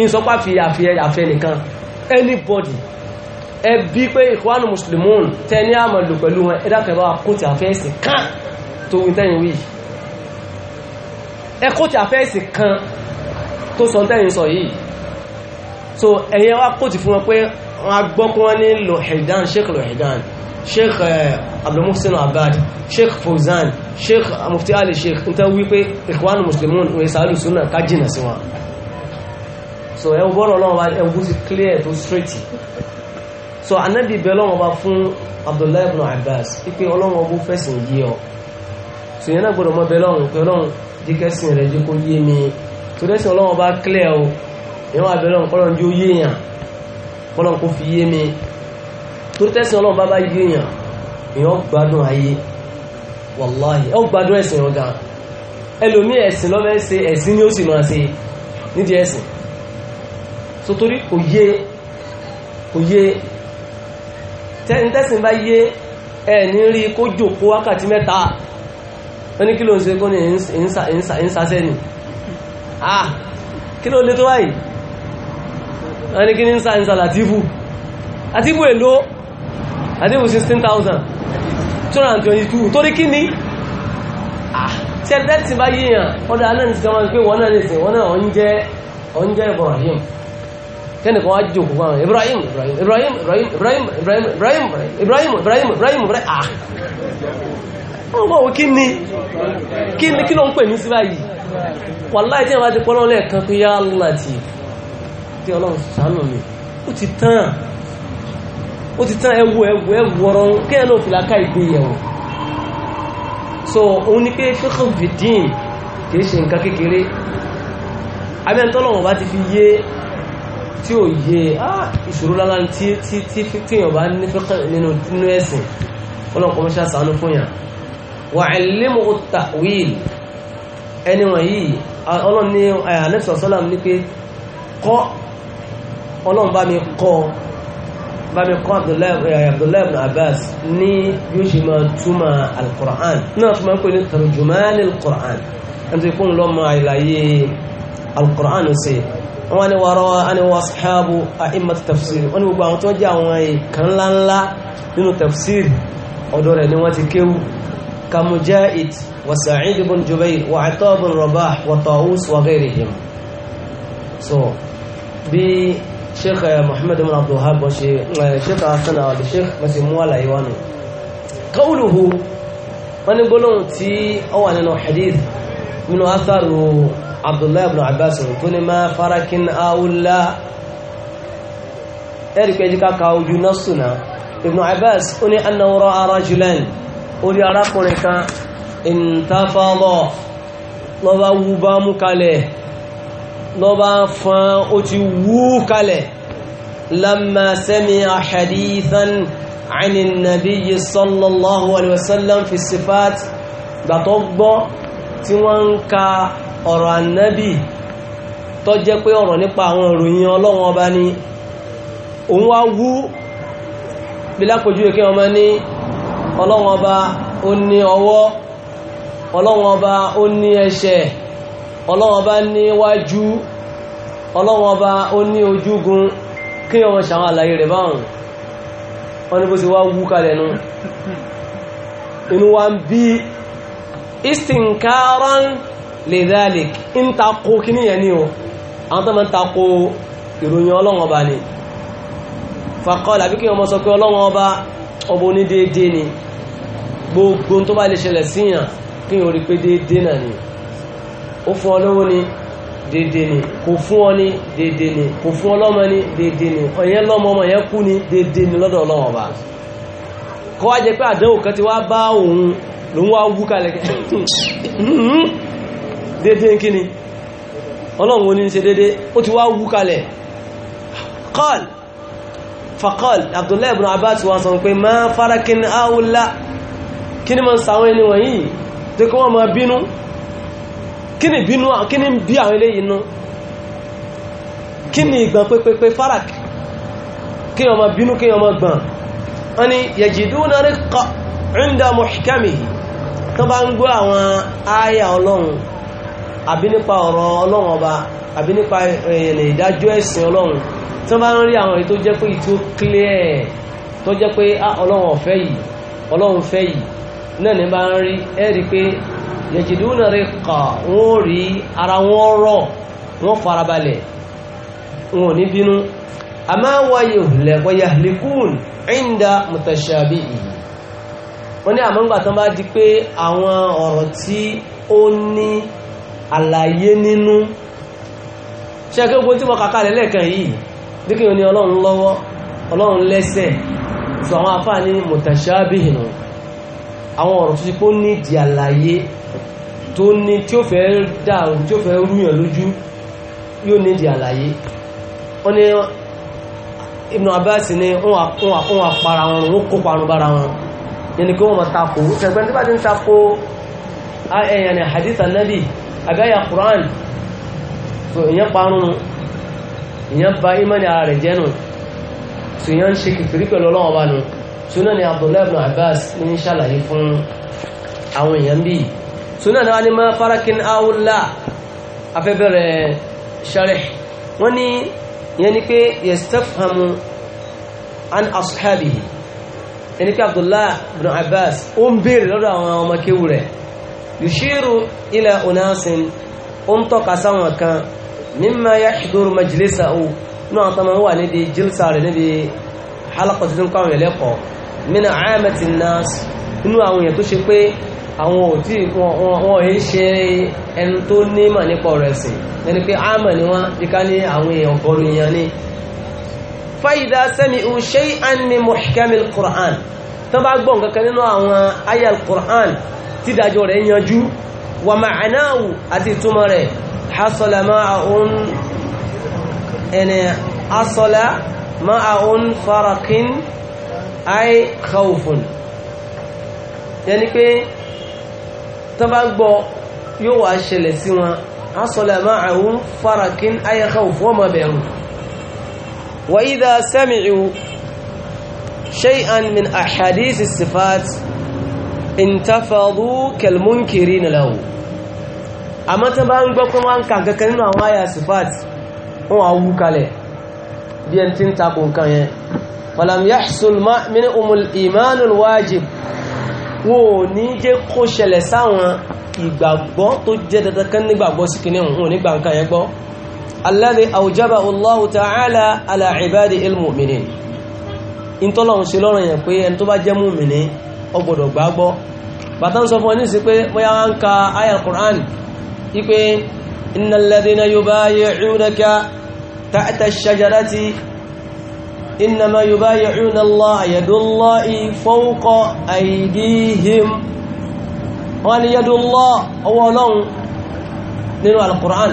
ń sọ pàfi àfẹ́ anybody ẹbí pé ìkwánu muslimun tẹ́ ní àmàlù pẹ̀lú wọn ẹ̀dàkẹ̀bá kóòtì àfẹ́ẹ̀sì kan tó wí tẹ́yìn wí ẹ kóòtì àfẹ́ẹ̀sì kan tó sọ tẹ́yìn sọ yìí so ẹ̀yẹ wá kóòtì fún wọn pé wọn agbọ́kún wọn ní lòhìdán sheikh lòhìdán sheikh eh, abdulmuhsin abad sheikh fozan sheikh eh, mufti ali sheikh n tẹ́ wí pé ìkwánu muslimun wọ́n sàálù súnà ká jìnà sí wọn so ẹ wọ́n bọ́rọ̀ ọlọ́run ẹ wọ́n sì clear tó straight so anabi bẹ lọ́wọ́ bá fún abdullahi ibn abbas pípé ọlọ́wọ́ bó fẹ̀sìn yé ọ so yẹn náà gbọdọ̀ mọ bẹ lọ́wọ́ pé ọlọ́wọ́ jíkẹ́sìn rẹ̀ jẹ́ kó yé mi tó dẹ́sìn ọlọ́wọ́ bá clear o yẹn wà bẹ lọ́wọ́ kọ́lọ́n jó yé yàn kọ́lọ́n kó fi yé mi tó dẹ́sìn ọlọ́wọ́ bá bá yé yàn èèyàn gbádùn ayé wàláhì ó gbádùn ẹ̀sìn ọ̀gá ẹlòmíì ẹ̀sìn lọ́fẹ́ ṣe ẹ̀sìn ni ó sì máa ṣe nídìí ẹ̀sìn sotori kò yé kò tẹ́sìn bá yé ẹ̀ ní rí kó jòkó wákàtí mẹ́ta wọ́n ní kí ló ń ṣe kó ní ìsàṣẹ́ ni ah kí ló lè tó wáyìí wọ́n ní kí ní ìsàṣẹ́ àtìfù àtìfù èlò àtìfù 16,000 222 torí kí ni ah tí ẹ tẹ́sìn bá yíyàn ọdọ̀ alẹ́ nìsìn wọn wọ́n náà ọ kẹ́ni kan wá jòkó fún àwọn Ibrahim Ibrahim Ibrahim Ibrahim Ibrahim Ibrahim Ibrahim Ibrahim Ibrahim Ibrahim ah wọ́n mọ̀ wọ́n kí ni kí ni kí ló ń pè ní sí báyìí wàláhì tí wọ́n ti pọ́ lọ́lẹ̀ kan pé yá láti tí ọlọ́run sàánù mi ó ti tán ó ti tán ẹwù ẹwù ẹwù ọ̀rọ̀ kẹ́ẹ̀ náà fi láká ìgbéyẹ̀wò so òun ni pé fíkọ̀ fìdín kìí ṣe nǹkan kékeré abẹ́ntọ́lọ́wọ̀n bá ti fi yé tí ó yẹ ah, ìṣòro lálá tí tí tí tíyàn bá nífẹ́kẹ́ nínú nínú ẹ̀sìn ọlọ́pọ̀ mọ́ṣá sànú fún yàn wà ẹ̀lẹ́mọ̀ tàwíl ẹni wọ̀nyí ọlọ́run ní àyànẹ́sọ̀ sọ́làm ní pé kọ́ ọlọ́run bá mi kọ́ bá mi kọ́ Abdullahi ibn Abbas ní bí ó ṣe máa túmọ̀ al-Qur'an náà tó máa wọ́n ni wàrọ́wà a ni wọ́n aṣíhábù a immat tafsir wọ́n ni gbogbo àwọn tó jẹ́ àwọn èèkàn ńláńlá nínú tafsir ọ̀dọ̀ rẹ̀ ni wọ́n ti kéwù ka wa sa'id ibn jubair wa atab ibn rabah wa ta'us wa ghayrihim so bí sheikh eh, muhammad ibn abdul wahab wa eh, sheikh hasan wa sheikh masi muwala iwanu qawluhu wọ́n ni gbólóhùn tí ó wà hadith nínú atharu abdullahi ibn abbas tó ní máa farakin aula ẹ̀rìkẹ́ jíká ka ojú náà sùnà ibn abbas ó ní anáwọ́rọ̀ ara julen orí arákùnrin kan ìntafàlọ́ lọ́ba wú bá mú kalẹ̀ lọ́ba fán ó ti wú kalẹ̀ lamma sami'a hadithan عن النبي صلى الله عليه وسلم في الصفات بطبع tí wọ́n ń ka ọ̀rọ̀ ànábì tó jẹ́ pé ọ̀rọ̀ nípa àwọn ìròyìn ọlọ́run ọba ni òun wá wú bí lápòjú èké ọmọ ní ọlọ́run ọba ó ní ọwọ́ ọlọ́run ọba ó ní ẹsẹ̀ ọlọ́run ọba ní wájú ọlọ́run ọba ó ní ojúgun kí ọmọ ṣàwọn àlàyé rẹ̀ báwọn wọ́n ní bó ti wá wú kalẹ̀ nu inú wa ń bí istinkaran li dhalik ń takò kíní yẹn ni o àwọn tó máa ń takò ìròyìn ọlọ́run ọba ni fàkọ́lá bí kí wọ́n mọ́ sọ pé ọlọ́run ọba ọba onídéédé ni gbogbo tó bá lè ṣẹlẹ̀ síyàn kí wọ́n rí pé déédé náà ni ó fún ọ ni déédé ni kò fún ọ ní déédé ni kò fún ọ lọ́mọ ní ni ọ̀yẹ́ lọ́mọ ọmọ yẹn kú ní déédé ni lọ́dọ̀ ọlọ́run ọba kọ́ jẹ pé àdánwò kan ti wá bá òun ló hmm. ń wá wúkà lẹ́kẹ́ dédé kí ni ọlọ́run oní ṣe dédé ó ti wá wúkà lẹ̀ qal faqal abdullahi ibn abbas wa sọ pé ma farakin aula kí ni ma ń sàwọn ẹni wọ̀nyí tó kí wọ́n ma bínú kí ni bínú kí ni bí àwọn ilé inú kí ni ìgbọ̀n pépépé farak kí wọ́n ma bínú kí wọ́n ma gbọ̀n wọ́n ni yajiduna riqqa 'inda muhkamihi tán bá ń gbọ́ àwọn ááyà ọlọ́run àbí nípa ọ̀rọ̀ ọlọ́run ọba àbí nípa ìrìn eh, ìdájọ́ ẹ̀sìn ọlọ́run tí wọ́n bá ń rí àwọn èyí tó jẹ́ pé ìtú clear tó jẹ́ pé ah, ọlọ́run ọ̀fẹ́ yìí ọlọ́run fẹ́ yìí náà ní bá ń rí ẹ́ rí pé yẹ̀jìdúnà rẹ̀ kà wọ́n rí ara wọn rọ̀ wọ́n farabalẹ̀ wọn ò ní bínú àmọ́ wáyé òhùlẹ̀ wáyé àlékún ẹ̀ńdà mùtàṣàbí yìí wọ́n ní àmọ́ngbà tán bá di pé àwọn ọ̀rọ̀ tí ó ní àlàyé nínú ṣe kí ogun tí wọ́n kàkà lẹ́lẹ́kan yìí díkẹ́ ní ọlọ́run lọ́wọ́ ọlọ́run lẹ́sẹ̀ tó àwọn afáà ní mutashabihun àwọn ọ̀rọ̀ tó ti pó ní di àlàyé tó ní tí ó fẹ́ dàrú tí ó fẹ́ rúyàn lójú yóò ní di àlàyé wọ́n ní Ibn Abbas ní wọ́n àpara wọn wọ́n kópa wọn bára wọn yẹni kí wọ́n ma tako ṣẹgbẹ́n tí bá ti ń tako ayẹyẹni hadith anabi abẹ́yà quran so ìyẹn parun ìyẹn ba imani ara rẹ̀ jẹ́nu so ìyẹn ń ṣe kìkìrí pẹ̀lú ọlọ́wọ́ bá nu suna ni abdullahi ibn abbas ní ń ṣàlàyé fún àwọn èèyàn bíi suna náà ni máa farakin awula afẹ́bẹ̀rẹ̀ sharih wọ́n ní ìyẹn ni pé yastafhamu an ashabihi ẹni pé abdullah ibn abbas ó ń béèrè lọ́dọ̀ àwọn ọmọ kéwù rẹ̀ yushiru ila unasin ó ń tọ́ka sáwọn kan mimma yahduru majlisahu náà tó máa wà níbi jilsa rẹ̀ níbi halakọ̀ tuntun kọ́ àwọn ẹ̀lẹ́kọ̀ọ́ min aamati nas inú àwọn èèyàn tó ṣe pé àwọn fáyidá sẹ́mi ò ṣe àní muhkamil quran tó bá gbọ́ nǹkan kan nínú àwọn ayà quran tí dájọ́ rẹ̀ yanjú wà ma'anáwù àti ìtumọ̀ rẹ̀ hasala ma'aun ẹni asala ma'aun farakin ay khawfun yẹni pé tó bá gbọ́ yóò wá ṣẹlẹ̀ sí wọn hasala ma'aun farakin ay khawfun wọ́n mọ̀ bẹ̀rù وإذا سمعوا شيئا من أحاديث الصفات انتفضوا كالمنكرين له àmọ́ tán bá ń gbọ́ pé wọ́n ń ka kankan nínú àwọn àyà sifat wọ́n wà wú kalẹ̀ bí ẹn tí ń takò nǹkan yẹn falam yahsul minhum al-iman al-wajib wọ́n ò ní jẹ́ kó ṣẹlẹ̀ sáwọn ìgbàgbọ́ tó jẹ́ dandan kan nígbàgbọ́ sí kìnnìún wọn ò ní gbà nǹkan yẹn gbọ́ alladhi awjabahu Allahu ta'ala ala ibadihi al-mu'minin in tọ́lọ̀ ń ṣe lọ́rọ̀ yẹn pé ẹni tó bá jẹ́ mùmìnì ó gbọ́dọ̀ gbàgbọ́ bàtà ń sọ fún ẹni sí pé bóyá wọ́n ń ka aya al-Qur'an ipe innal ladhina yubayi'unaka ta'ta ash-shajarati إنما يبايعون الله يد الله فوق أيديهم wọ́n ni يد الله ọwọ́ ọlọ́run nínú al-Qur'an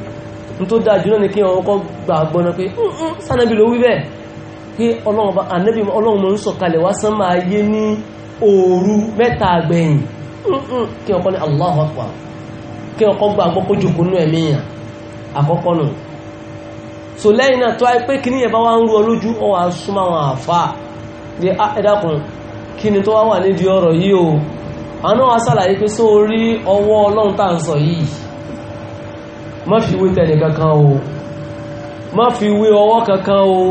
tó dáa jùlọ ní kí wọn kọ́ gbà gbọ́nà pé mm, mm, sànàbí ló wí bẹ́ẹ̀ pé ọlọ́run mọ̀ ń sọ̀kalẹ̀ wá sánmà ayé ní òru mẹ́ta àgbẹ̀yìn mm, kí wọn kọ́ ní Allahu Akbar kí wọn kọ́ gbà gbọ́ kó jòkó nú ẹ̀mí yàn àkọ́kọ́ nù so lẹ́yìn náà tó pé kí níyẹn bá wa ń ọ lójú ọ wà súnmọ́ àwọn ní ẹ̀dàkùn kí ni tó wá wà nídìí ọ̀rọ̀ yìí o àwọn náà wá sàlàyé pé ọwọ́ ọlọ́run tá à ń sọ yìí ma fi wé tẹnì kankan o ma fi wé ọwọ́ kankan o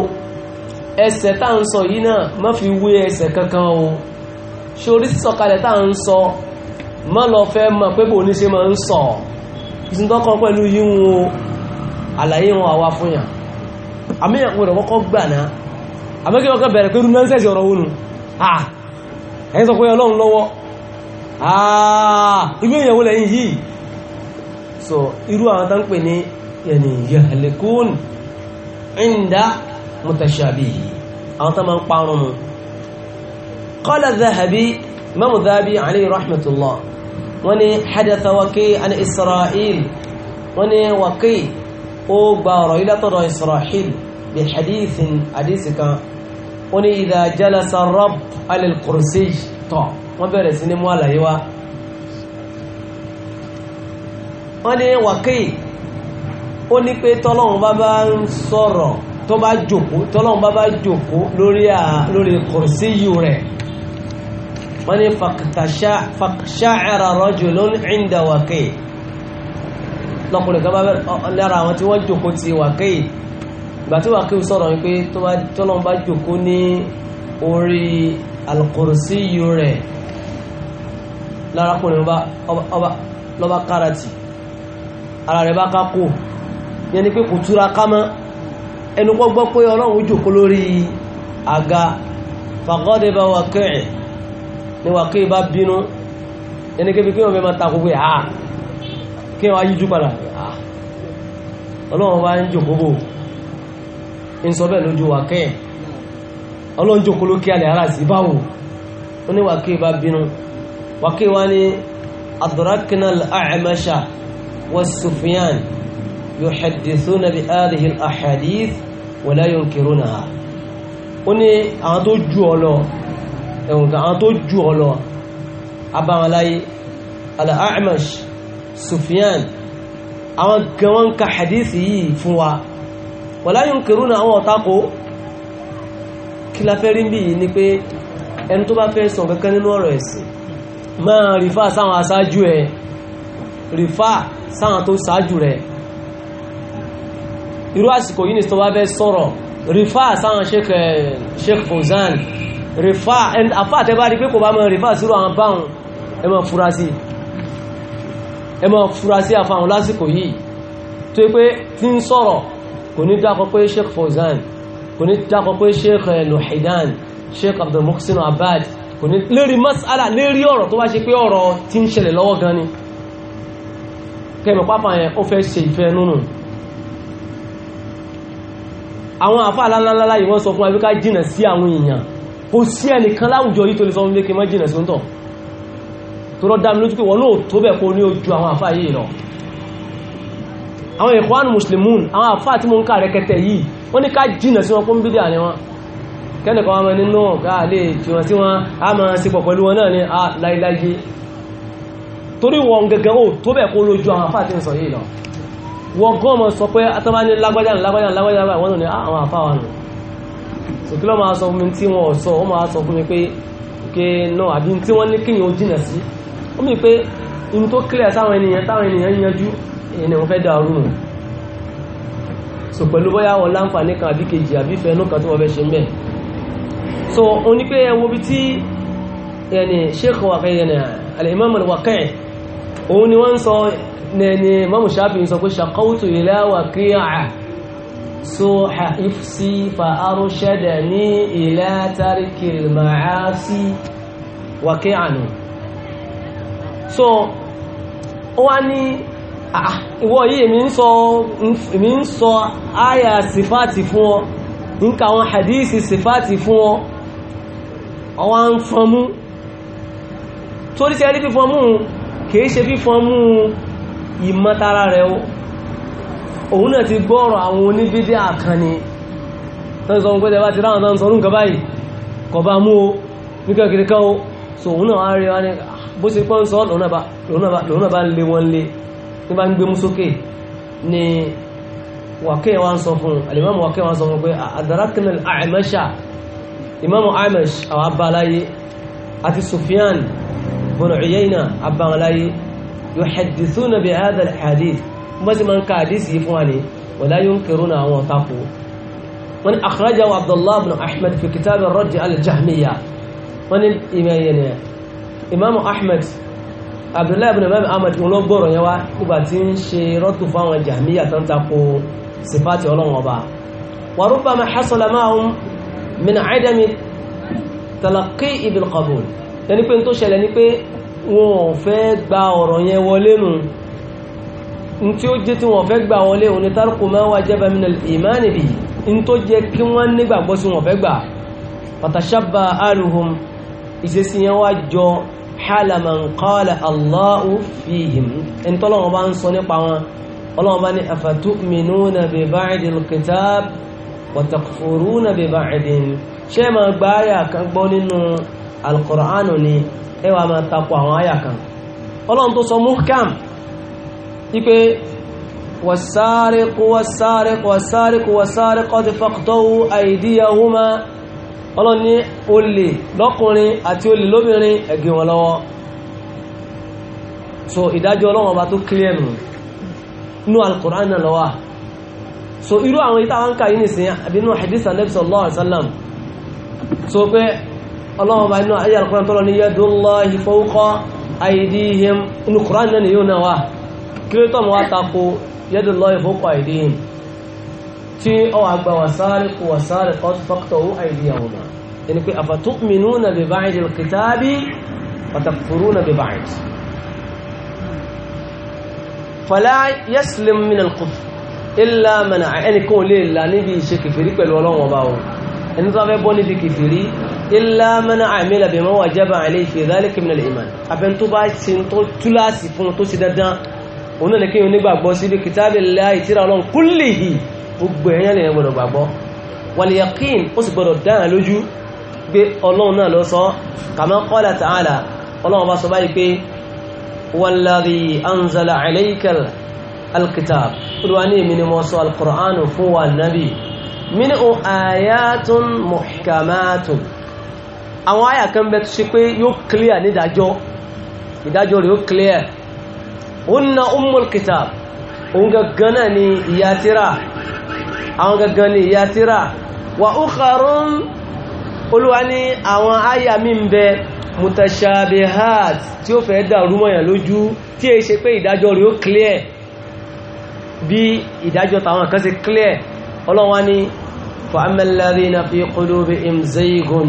ẹsẹ̀ tá ń sọ yìí náà ma fi wé ẹsẹ̀ kankan o ṣorí sísọ̀kalẹ̀ tá ń sọ má lọ fẹ́ mọ̀ pé bò ní ṣe máa ń sọ ìsìntọ́kọ̀ pẹ̀lú yíwun o àlàyé wọn àwa fún yàn àmì ìyàwó kọ́kọ́ gbà náà àmì kí wọ́n kọ́ bẹ̀rẹ̀ pé rúnà ń ọ̀rọ̀ wónú sọ pé ọlọ́run lọ́wọ́ àà lẹ́yìn yìí so irú àwọn tán pè ní yẹni yahlikun inda mutashabihi àwọn tán máa ń parun mu qala dhahabi mamu dhahabi alayhi rahmatullah wọ́n ní hadatha waqi an isra'il wọ́n ní waqi ó gba ọ̀rọ̀ ilé isra'il bi hadithin hadisi kan wọ́n ní idha jalasa rabb alal wọ́n bẹ̀rẹ̀ sí ní mú wọ́n ní wàkíì ó ní pé tọ́lọ́run bá bá ń sọ̀rọ̀ tó bá jòkó tọ́lọ́run bá bá jòkó lórí à lórí kùrùsí yìí rẹ̀ wọ́n ní fàkṣáàrà rajulun inda wàkíì lọ́kùnrin kan bá bẹ̀rẹ̀ lára àwọn tí wọ́n jòkó ti wàkíì ìgbà tí wàkíì sọ̀rọ̀ wípé tọ́lọ́run bá jòkó ní orí alkùrùsí yìí rẹ̀ lárakùnrin lọ́ba káràtì ara rẹ̀ bá kákò yẹn ni pé kò túra ká mọ́ ẹnu kọ́ gbọ́ pé ọlọ́run jòkó lórí àga fàkọ́dẹ̀bà wàkẹ́ẹ̀ ni wàkẹ́ bá bínú yẹn ni kébi kí wọ́n fẹ́ máa takò pé àá ah, kí wọ́n ayíjú padà àá ah, ọlọ́run bá ń jòkó bò ń sọ bẹ́ẹ̀ lójú wàkẹ́ẹ̀ ọlọ́run jòkó ló kí alẹ́ ara sí báwò ó ní wàkẹ́ bá bínú wàkẹ́ wá ní adrakna al-a'masha والسفيان يحدثون بهذه الأحاديث ولا ينكرونها ó ní àwọn tó jù ọ lọ ẹ̀wùn kan àwọn tó jù ọ lọ abamalaye al-A'mash Sufyan àwọn gan wọn ka hadith yìí fún wa wala yunkiruna àwọn ọ̀tako kí la fẹ́ rí bí yìí ni pé ẹni tó bá fẹ́ sọ kankan nínú ọ̀rọ̀ ẹ̀sìn máa rí fásáwọn aṣáájú ẹ̀ rìfà sáwọn tó ṣáájú rẹ̀ irú àsìkò yìí ni tó bá fẹ́ sọ̀rọ̀ rìfà sáwọn Sheikh eh, Fauzan rìfà àfà àtẹ́bá rí pé kò bá mọ́ rìfà sírò àwọn báhùn ẹ má fura sí ẹ má fura sí àfàwọn lásìkò yìí tó pé tí ń sọ̀rọ̀ kò ní dákọ pé Sheikh Fauzan kò ní dákọ pé Sheikh Luhidan eh, Sheikh Abdul Abad kò ní lérí mas'ala lérí ọ̀rọ̀ tó bá ṣe pé ọ̀rọ̀ tí ń ṣẹlẹ̀ lọ́wọ́ gan ni kẹmọ̀ pápá yẹn ó fẹ́ ṣe ìfẹ́ nínú àwọn àfá alálálá yìí wọ́n sọ fún abíká jìnà sí àwọn èèyàn kò sí ẹnìkan láwùjọ yìí tó lè sọ fún lékè mọ́ jìnà sí ọ̀tọ̀ tó rọ dámi lójú pé wọ́n lóò tó bẹ̀ kó ní ojú àwọn àfá yìí lọ àwọn Ikhwan Muslimun àwọn àfá tí mo ń kà rẹkẹtẹ yìí wọ́n ní ká jìnà sí wọn kó ń bídí àní wọn kẹ́nìkan wọn mọ nínú ọ̀gá àlè tí wọ́n sí wọn á máa sí pọ̀ pẹ̀lú wọn náà ní torí wọn gẹ́gẹ́ ó tó bẹ̀ kó lójú àwọn àfáà tí ń sọ yìí lọ wọ́n gọ́ mọ̀ sọ pé atọ́bá ní lágbájá lágbájá lágbájá wọ́n ní ah, àwọn àfáà wọn sókè lọ́ máa sọ fún mi tí wọ́n sọ ó máa sọ fún mi pé ké náà àbí tí wọ́n ní kíyàn ó jìnà sí ó mi pé in tó kílẹ̀ sáwọn ènìyàn táwọn ènìyàn yanjú ènìyàn wọ́n fẹ́ dá ọrùn so pẹ̀lú bóyá wọn láǹfààní kan àbí kejì àbí fẹ́ẹ́nú kan tí wọ́n fẹ́ ṣe ń so oní pé ẹ bí tí yẹni sheikh wa fẹ́ yẹni al-imam al-waqi' òun ni wọ́n sọ nẹni Imam Shafi'i sọ pé shaqawtu ila waqi'ah suha ifsi fa arshadani so wá ní ah, ìwọ yìí emi ń sọ èmi sifati fún hadisi sifati fún ọ ọwá ń torí sí kìí ṣe fífọn mú ìmọ̀tara rẹ̀ o òun náà ti gbọ́ọ̀rọ̀ àwọn oníbídé àkànni tó ń sọ ti ráhùn mú o níkẹ̀kiri so òun náà rí wọn ah, bó ṣe pọ́n sọ lòun náà bá lé wọn bá ń gbé mú sókè ni wàkẹ́ wa ń sọ fún wàkẹ́ wa ń sọ fún pé ah, ibn Uyayna abáńláyé yuhaddithuna bi hadha al-hadith bó ti máa ń ka hadith yìí fún wa ni wala yunkiruna àwọn ọ̀tàkù wọ́n ni akhrajahu abdullah ibn ahmed fi kitab ar-radd al-jahmiyya wọ́n ni ìmẹ̀yẹnì imam ahmed abdullahi ibn imam ahmed ń lọ gbọ́rọ̀ yẹn wá nígbà tí ń ṣe rọ́tù fáwọn jahmiyya tó ń takò min 'adami talaqqi bil ẹni pé tó ṣẹlẹ̀ ni pé wọn ò fẹ́ gba ọ̀rọ̀ yẹn wọlé nù ní tí ó jẹ́ tí wọ́n fẹ́ gba wọlé òun ni tárùkù máa wá jẹ́ bẹ́mínà ìmáàni bì ní tó jẹ́ kí wọ́n nígbàgbọ́ sí wọ́n fẹ́ gbà pàtàṣàbà àlùhùn ìṣesí yẹn wá jọ halaman Allahu fihim ẹni tọ́lọ́wọ́n bá ń sọ nípa wọn ọlọ́wọ́n bá ní afatu'minuna bi ba'dil kitab wa takfuruna bi ba'din ṣé máa gbáyà kan gbọ́ nínú alkùránù ni ẹwà máa tako àwọn àyà kan ọlọ́run tó sọ muhkam wípé wasariqu wasariqu wasariqu wasariqati faqta'u aydiyahuma ọlọ́run ní olè lọ́kùnrin àti olè lóbìnrin ẹ wọn lọ́wọ́ so ìdájọ́ ọlọ́run ọba tó clear nù nú alkùránù lọ́wọ́ so irú àwọn ìtàwọn kàyí nìsín àbínú hadith sallallahu alaihi wasallam so pé ọlọ́wọ́n bá inú ayé alukọ́rán tọ́lọ ní yadullahi fawqa aydihim inú kùrán náà ni yóò náà wà kí ló tọ́mọ̀ wá tako yadullahi fawqa aydihim tí ọ àgbà wasariqu wasariqatu faqta'u aydiyahuma ẹni pé afatu'minuna bi ba'dil kitabi wa takfuruna bi ba'd fala yaslim min al-kufr illa man ẹni kò lè tó illa man amila bima wajaba alayhi fi dhalika min al-iman abin tó bá ti tó túláàsì fún tó ti dandan òun náà kíyàn nígbàgbọ́ sí ibi kitabillahi tírà Ọlọ́run kullihi gbogbo ẹ̀yàn lè gbọdọ̀ gbàgbọ́ wal yaqin ó sì gbọdọ̀ dáhàn lójú pé Ọlọ́run náà ló sọ kama qala ta'ala Ọlọ́run bá sọ báyìí pé walladhi anzala alayka al-kitab olúwa ní mo sọ al-Qur'an fún wa nabi minhu ayatun muhkamatun àwọn àyà kan bẹ tó ṣe pé yóò clear ní ìdájọ́ ìdájọ́ rẹ̀ yóò clear hunna ummul kitab òun gangan náà ni ìyá tíra àwọn gangan ni ìyá tíra wà ukharun olúwa ní àwọn àyà mi ń bẹ mutashabihat tí ó fẹ́ dàrú mọ́yàn lójú tí èyí ṣe pé ìdájọ́ rẹ̀ yóò clear bí ìdájọ́ tàwọn kan ṣe clear ọlọ́wọ́ ni fa amma alladhina fi qulubihim zaygun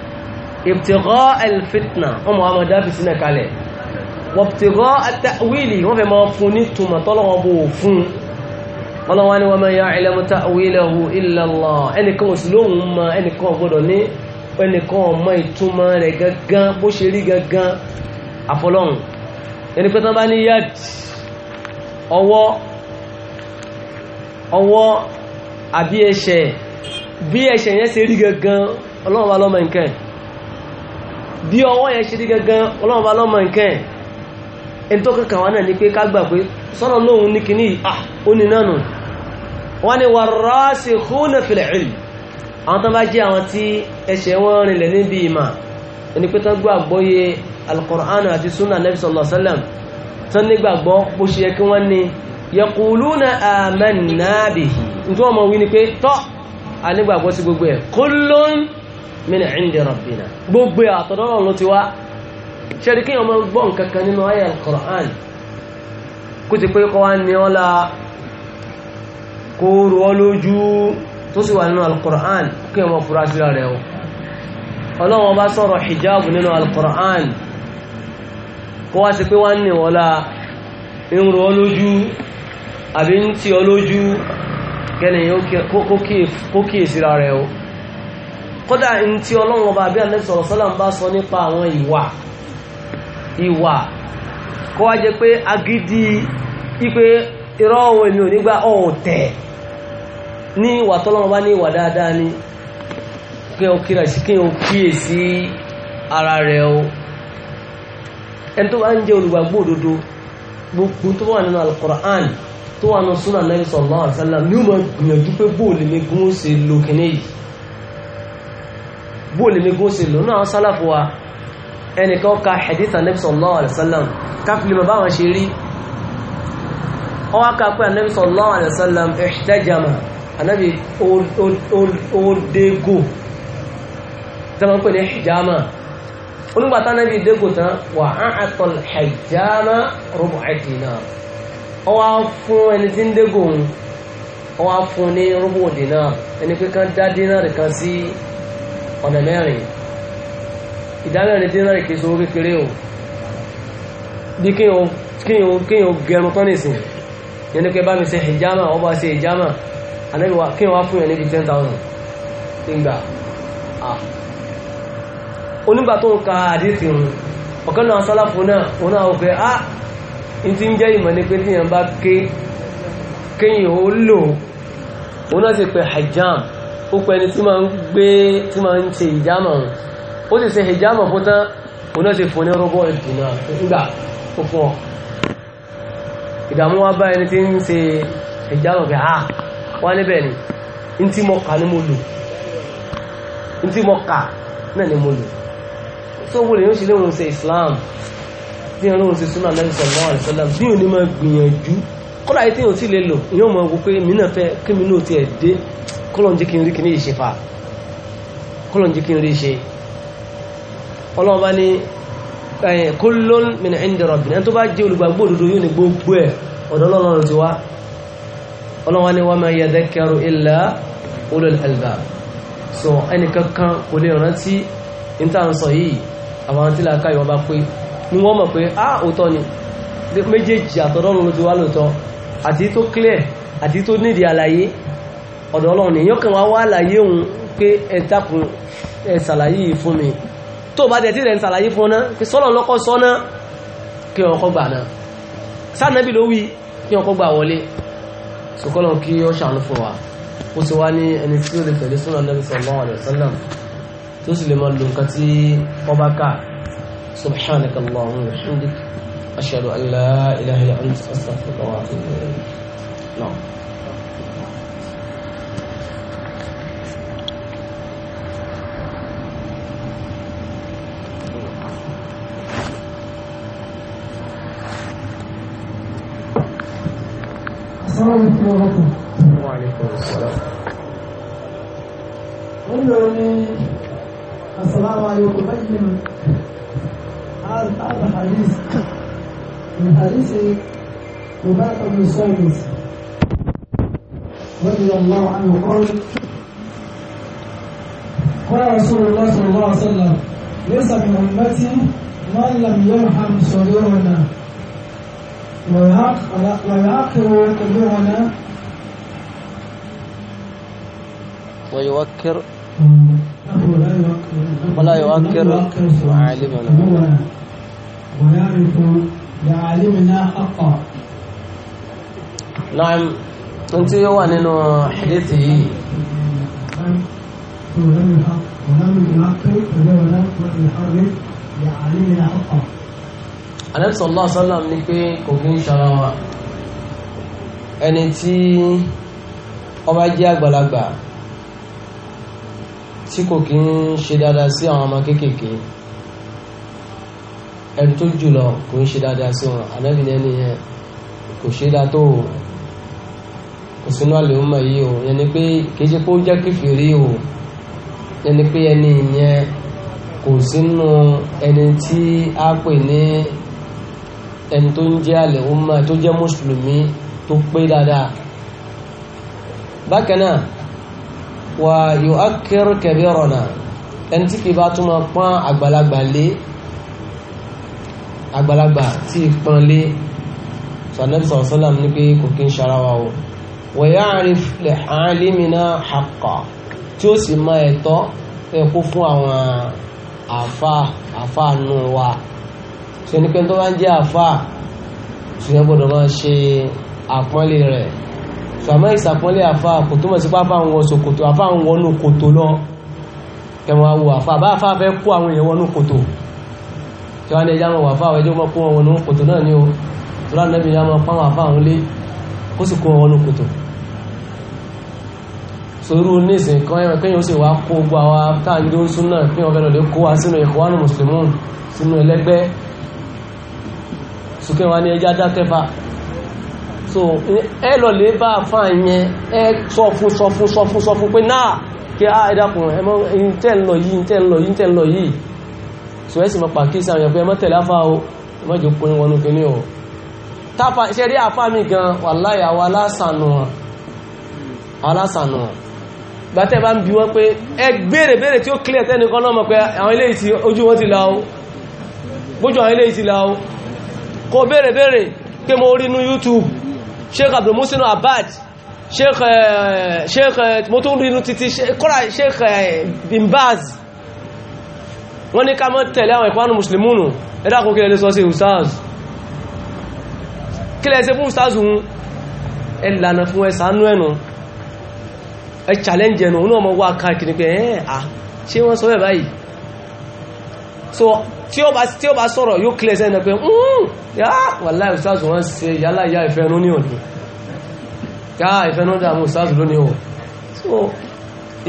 ibtigha alfitna wọ́n mọ̀ àmọ́ dábì sínú kalẹ̀ wabtigha àtàwìlì wọ́n fẹ́ máa fún ní túmọ̀ tọ́lọ́wọ́ bò fún ọlọ́wọ́ ni wọ́n mọ̀ ya ya'lamu ta'wilahu illa Allah ẹnìkan ò sí lóhùn mọ ẹnìkan ọ̀gbọ́dọ̀ ní ẹnìkan ọmọ ìtumọ̀ rẹ̀ gangan bó ṣe rí gangan àfọlọ́hùn bí ẹsẹ̀ yẹn ṣe rí gangan ọlọ́wọ́ wa nǹkan bí ọwọ́ yẹn ṣe rí gangan ọlọ́run bá lọ́mọ nǹkan ẹ̀ ẹni tó kankan wá náà ni pé ká gbà pé sọ́nà lóhun ní kíní ah ó ní náà nù wọ́n ni warrasikhuna fil ilm àwọn tó bá jẹ́ àwọn tí ẹsẹ̀ wọn rinlẹ̀ níbi ìmà ẹni pé tán gbọ́ àgbọ́yé al àti sunna nabi min indi rabbina gbogbo àtọ̀dọ̀ Ọlọ́run ló ti wá ṣẹ́rí kí ọmọ gbọ́ nǹkan kan nínú ayé al-Qur'an kó ti pé kọ́ wá ní ọlá kóòrò ọlójú tó sì wà nínú al-Qur'an kí ọmọ fura sí rẹ̀ o Ọlọ́run bá sọ̀rọ̀ hijab nínú al-Qur'an wá sí pé wá ní ọlá ìrò ọlójú àbí ń ti ọlójú kẹ́ni kó kíyèsí rẹ̀ o kódà ní tí ọlọ́run ọba àbí àlẹ́ sọ́lá ń bá sọ nípa àwọn ìwà ìwà kó wá jẹ pé agidi ipe irọ́ ohun èmi ò nígbà ọ̀tẹ̀ ní ìwà tọ́lọ́run ní ìwà dáadáa ni o kíra sí ara rẹ̀ o ẹni tó bá ń òdodo gbogbo tó wà nínú alukoran tó wà nínú súnà ní bó lè mi góòsì lò náà sálàfù wa ẹnìkan ka hadith anabi sallallahu alaihi wasallam káfílì mọ̀ báwọn ṣe rí ọwá ká pé anabi sallallahu alaihi wasallam ihtajama anabi òdégò tẹ́mọ̀ pé ní hijama onígbàtà anabi dégò tán wà án àtọ̀l hijama rubu'a dinar ọwá fún ẹni tí ọ̀nà mẹ́rin ìdámẹ́rin dínárì kìí sówó kékeré o bí kíyàn gẹrun tán nìsìn yẹn ní kẹ bá mi ṣe hijama ọba ṣe hijama anẹ́gbẹ̀wà kíyàn wá fún yẹn níbi 10,000 nígbà onígbà tó ń ka àdísì rùn ọ̀kan náà sálàfò náà òun náà wọ́pẹ́ ah in ti ń jẹ́ ìmọ̀ ní pé tíyàn bá ké kéyàn ó lò òun náà sì pẹ̀ hijama ó pẹ́ ni tí máa ń gbé tí máa ń ṣe ìjámà ó sì ṣe ìjámà bó tán òun náà ṣe fún ní rọ́bọ̀ ìdùnnà ńgbà ó fún ọ ìdààmú wa bá ah wá níbẹ̀ ni ntí mo kà ni mo lò ntí náà ni mo Islam bí wọn lóun ṣe súnà Ànábì sallallahu alaihi wasallam bí òní máa gbìyànjú kọ́lọ̀n jí kí n rí kí ní ìṣe fa kọ́lọ̀n jí kí n rí ṣe ọlọ́ọ̀bá ní kullun min indi rabbina ẹni tó bá jẹ́ olùgbàgbọ́ òdodo yóò ní gbogbo ẹ̀ ọ̀dọ̀ Ọlọ́run ti wá Ọlọ́run ni wa ma yadhakkaru illa ulul albab so ẹni kankan kò lè rántí níta ń sọ yìí àwọn tí làákà ọ̀dọ̀ ọlọ́run èèyàn kan wá wá láyé òun pé ẹ dákun ẹ ṣàlàyé fún mi tó bá dẹ̀ tí rẹ̀ ń ṣàlàyé fún ọ́nà pé sọ́lọ̀ lọ́kọ́ sọ́nà kí ọkọ̀ gbà náà sáànàbí ló wí kí ọkọ̀ gbà wọlé ṣùkọ́lọ̀ kí ó ṣàánú fún wa ó ti wá ní ẹni tí ó lè tẹ̀lé súnà nàbí sallallahu alaihi wasallam tó sì lè máa lo nǹkan tí wọ́n bá kà subhanaka wa hamdik السلام عليكم ورحمة وعليكم السلام قولوني السلام عليكم بين هذا الحديث من حديث عبادة بن صامت رضي الله عنه قال قال رسول الله صلى الله عليه وسلم ليس من امتي من لم يرحم صغيرنا ويعقر ويتبعنا ويوكر ولا يؤكر عالمنا ويعرف لعالمنا حقا نعم انت هو انه حديثي ولم يؤكر ولم يحرك لعالمنا حقا Ànábì sallallahu alaihi wasallam ní pé kò kí ń ṣara wa ẹni tí ọba jẹ́ àgbàlagbà tí kò kí ń ṣe dáadáa sí àwọn ọmọ kéékèèké ẹni tó jùlọ kò ń ṣe dáadáa sí wọn Ànábì ní ẹni yẹn kò ṣe dáa tó o kò sínú àlè ọmọ yìí o yẹn ni pé kì í ṣe pé ó o yẹn ni pé ẹni yẹn kò sínú ẹni tí a pè ní ẹni tó ń jẹ́ alẹ́ umma tó jẹ́ mùsùlùmí tó pé dáadáa bákan náà wà yóò ákẹ́rù kẹ̀bí ọ̀rọ̀ náà ẹni tí kìí bá tún máa pọ́n àgbàlagbà lé àgbàlagbà tí pọ́n lé sànẹ́bí sọ̀rọ̀ sọ́làm ní pé kò kí ń ṣara wa o wa ya'rif li alimina haqqa tí ó sì máa ẹ̀tọ́ ẹ̀kú fún àwọn àfa àfa nù wa so ní pé tó bá ń jẹ́ àfa ṣùgbọ́n gbọ́dọ̀ máa ṣe àpọ́nlé rẹ̀ ṣàmọ́ ìṣàpọ́nlé àfa kò túmọ̀ sí pápá ń wọ ṣòkòtò àfa ń wọnú kòtò lọ kẹwọn awo àfa bá àfa fẹ́ kó àwọn èèyàn wọnú kòtò tí wọ́n ní ẹja wọn wà fáwọn ẹjọ́ mọ́ kó wọn wọnú kòtò náà ni o tó láti lẹ́bi ìyá mọ́ páwọn àfa àwọn lé kó sì kó wọn wọnú kòtò sorú nísìn kan ẹ̀rọ pé yóò sì wá kó gbogbo àwa táàgbé ó sún náà pé fẹ́ lọ lè kó wa sínú Ikhwanul Muslimun sínú ẹlẹ́gbẹ́ sókè wọn ni ẹjá dákẹfà so ẹ lọ lè bá àfáà yẹn ẹ sọ fún sọ fún sọ fún sọ fún pé náà kí á ẹ̀dàkùn ẹmọ ìntẹ́ yìí yìí yìí so ẹ sì mọ pàkíyèsí àwọn ẹ̀fẹ́ ẹmọ tẹ̀lé afá o ẹmọ jò pé wọnú o ṣe rí afá mi gan lásànù alásànù gbàtẹ́ bá ń bi pé ẹ béèrè tí ó kó béèrè béèrè pé mo rí inú youtube sheikh abdul musinu abad sheikh eh, sheikh eh, mo tún rí inú títí kọ́ra sheikh eh, bin baz wọ́n ní ká mọ́ tẹ̀lé àwọn ìpánu mùsùlùmúnù ẹ̀dá kò kílẹ̀ lè sọ sí ustaz kílẹ̀ ṣe fún ustaz hun ẹ lànà fún ẹ sànú ẹnu ẹ challenge ẹnu òun náà mọ́ wá káàkiri pé ẹ́ à ṣé wọ́n sọ bẹ́ẹ̀ báyìí tí ó bá tí ó bá sọ̀rọ̀ yóò clear sẹ́yìn náà pé hmm, yá wàláhì ìsáàsù wọ́n ṣe yálà ìyá ìfẹ́nú ní òní yá ìfẹ́nú dàmú ìsáàsù lónìí ò so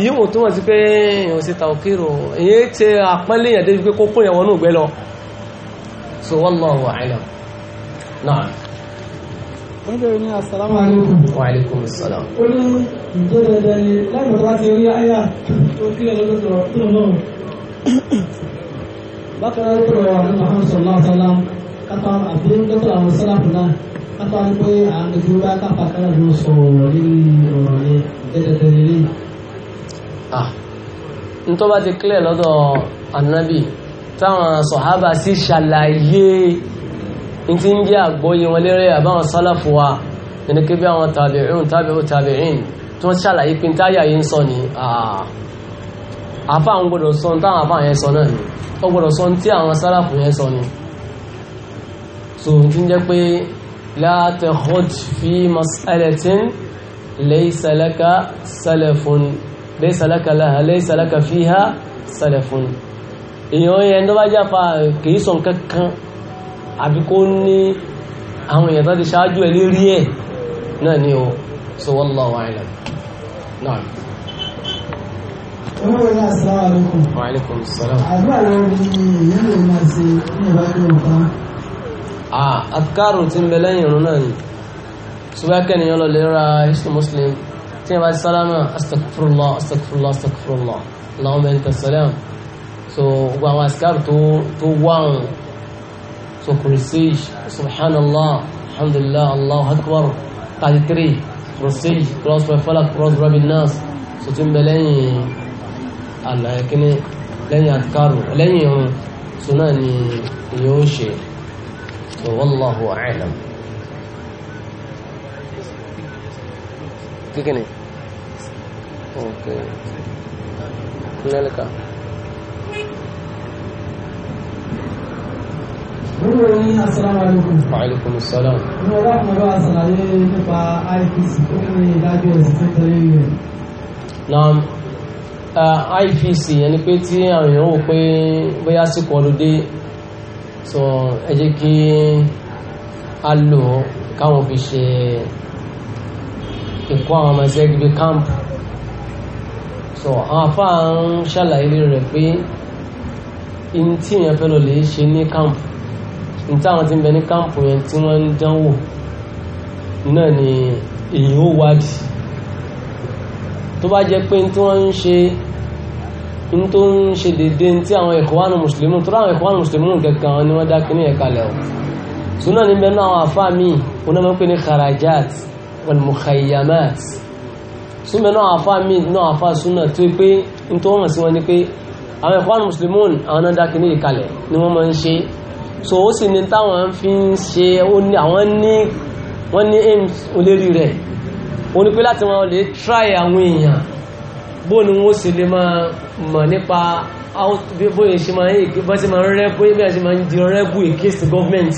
ìyí wò túmọ̀ sí pé èèyàn ṣe ta òkèrò èyí ṣe àpọ́nlé yẹn débi pé kókó yẹn wọnú ìgbẹ́ lọ so wallahu a'lam náà. wọ́n bẹ̀rẹ̀ ní assalamu alaikum. wa alaikum assalam. ó ní ìjọ dandan ni láì mọ̀tọ́ láti rí àyà tó kílẹ̀ lọ́dọ̀ tó bákan náà pẹ̀lú àwọn Muhammad sallallahu alaihi wa sallam kápá àbí dókítà àwọn sálàfù náà kápá ní pé àwọn ìdúró bá kápá kan ló sọ̀rọ̀ lórí ọ̀rọ̀ yẹn dẹ́dẹ́dẹ́ lórí. ntọ́ bá ti clear lọ́dọ̀ anabi táwọn sọ̀hábà sì ṣàlàyé n ti ń jẹ́ àgbọ́yé wọn lérè àbáwọn sálàfù wa ẹni kébé àwọn tàbí'un tàbí'un tàbí'in tí wọ́n ṣàlàyé pé táyà yìí ń sọ ní àfà àwọn gbọ́dọ̀ sọ táwọn àfà yẹn sọ náà ni ó gbọ́dọ̀ sọ tí àwọn sálàfù yẹn sọ ni so tí ń jẹ́ pé la takhud fi mas'alatin laysa laka salafun laysa laka laha laysa laka èèyàn yẹn tó bá jáfa kìí sọ nǹkan àbí kó ní àwọn èèyàn tó ti ṣáájú ẹ̀ lérí ẹ̀ náà ni ó so wallahu a'lam náà السلام عليكم وعليكم السلام ah adkaru tí ń bẹ lẹ́yìn ìrun náà ni subaka ni yolo lera isu muslim tí bá salama astaghfirullah astaghfirullah astaghfirullah allahumma anta salam so wa askar to to wan so kursi subhanallah alhamdulillah allahu akbar 33 kursi cross wa falak cross rabbin nas so tí ń bẹ lẹ́yìn àlàyékíní lẹ́yìn àtikárù lẹ́yìn ohun súnà ni yóò ṣe so wallahu a'lam kíkìní ok nílẹ̀ká Olúwo ní Assalamu alaikum. Wa alaikum assalam. Ní ọlá kan bá ṣàlàyé nípa IPC tó ní ìdájọ́ ẹ̀sìn tó tẹ̀lé rẹ̀. Náà Ah, IFC ẹni pé tí àwọn èèyàn wò pé bóyá sí kọlùdé so ẹ jẹ́ kí a lò káwọn fi ṣe ìkọ́ àwọn ọmọ ẹgbẹ́ gbígbé camp so àwọn afá ń ṣàlàyé rẹ̀ pé in tí èèyàn fẹ́ lọ lè ṣe ní camp in tí àwọn ti ń bẹ ní camp yẹn tí wọ́n ń dánwò náà ni èyí ó wádìí tó bá jẹ́ pé tí wọ́n ń ṣe ní tó ń ṣe dédé tí àwọn Ikhwanu Muslimun tó ráwọn Ikhwanu Muslimun kankan ni wọ́n dákí ní ẹ̀ka lẹ̀ súnà ní bẹnu àwọn àfáà míì wọn náà máa ń pè ní kharajat wal mukhayyamat súnmọ́ náà àfáà míì náà àfáà súnà tó pé ní tó wọ́n sí wọn ni pé àwọn Ikhwanu Muslimun àwọn náà dákí ní ìkalẹ̀ ni wọ́n máa ń ṣe so ó sì ní táwọn fi ń ṣe àwọn ní wọ́n ní aims olérí rẹ̀ òun ni pé láti wọn lè try àwọn èèyàn bó ni wọ́n sì lè máa mọ̀ nípa bóyá ṣe máa ń bá ṣe máa rẹ́ bóyá bí a ṣe máa ń di rẹ́bù against government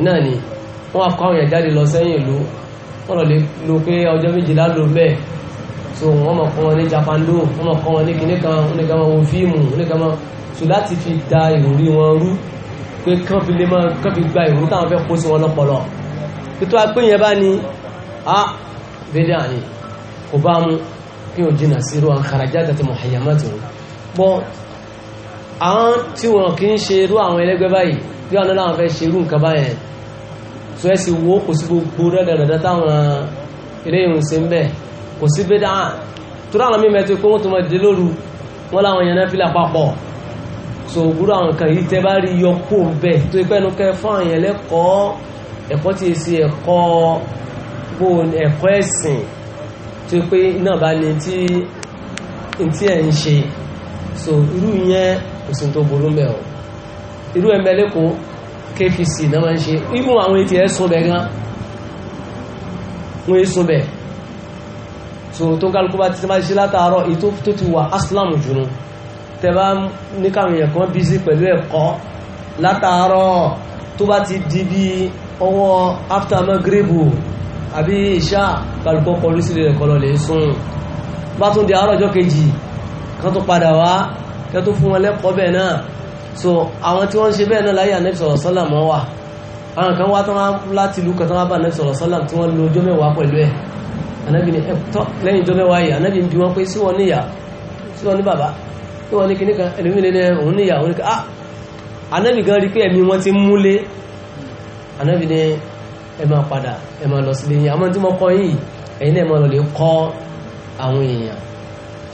iná ni wọ́n akọ àwọn èèyàn jáde lọ sẹ́yìn ìlú wọ́n lọ lè lo pé ọjọ́ méjìlá lò bẹ́ẹ̀ so wọ́n mọ̀ kọ́ wọn ní japando wọ́n mọ̀ kọ́ wọn ní kinní kan ní kan wọn fíìmù ní kan wọn so láti fi da ìròrí wọn rú pé kán fi lè máa kán fi gba ìròrí táwọn fẹ́ kó sí wọn lọ́pọlọ títọ́ apẹ́yìn ẹ a bídà ni kò bá mú kí o jìnà sí irú àǹkàràjá àti mọ̀hàyàmátì wọn bọ́ àwọn tí wọn kì í ṣe irú àwọn ẹlẹ́gbẹ́ báyìí bí wọn náà fẹ́ ṣe irú nǹkan báyẹn tó ẹ sì wo kò sí gbogbo rẹ́dàdàdà táwọn eléyìí ń ṣe ń bẹ̀ kò sí bídà tó láwọn mímẹ́ tó kó wọn tó máa dé lóru wọn láwọn yẹn náà fi lápapọ̀ so òwúrọ̀ àwọn nǹkan yìí tẹ́ bá rí yọ kó ń tó ipẹ́ nu kẹ́ fún àyẹ̀lẹ́kọ̀ọ́ ẹ̀kọ́ tí èsì ẹ̀kọ́ bó ẹ̀kọ́ ẹ̀sìn tí ó pé náà bá ní tí tí ẹ̀ ń ṣe so irú yẹn òsìn tó burú mẹ́ o irú ẹ̀mẹ́ lẹ́kọ́ kfc náà máa ń ṣe ibùn àwọn etí ẹ̀ sún bẹ̀ gan wọ́n sún bẹ̀ so tó kálukú bá ti máa ṣe látàárọ̀ ètò tó ti wà aslam jùlọ tẹ́bá ní káwọn èèyàn kan bí sí pẹ̀lú ẹ̀kọ́ látàárọ̀ tó bá ti di bí ọwọ́ after magrebu àbí ìṣá kálukọ́ kọlu sílẹ̀ rẹ̀ kọlọ lè sùn bá tún di àárọ̀ ọjọ́ kejì kan tó padà wá kan tó fún wọn lẹ́kọ̀ọ́ bẹ́ẹ̀ náà so àwọn tí wọ́n ń ṣe bẹ́ẹ̀ náà láyé ànẹ́bí sọ̀rọ̀ sọ́là mọ́ wà àwọn kan wá tán láti ìlú kan tán wá bá ànẹ́bí sọ̀rọ̀ sọ́là tí wọ́n lo ọjọ́ mẹ́wàá pẹ̀lú ẹ̀ ànẹ́bí ni ẹ̀tọ́ lẹ́yìn ọjọ́ mẹ́wàá yìí ànẹ́bí ń bi wọ́n pé sí wọn níyà sí wọn ní bàbá sí wọn ní kíní kan ẹlòmí lé ní òun níyà òun ní ká ah! ànẹ́bí gan rí pé ẹ̀mí wọn ti múlé ànẹ́bí ni ẹ máa padà ẹ máa lọ sílé yín àmọ́ tí mo kọ́ yìí ẹ̀yin náà ẹ máa lọ lè kọ́ àwọn èèyàn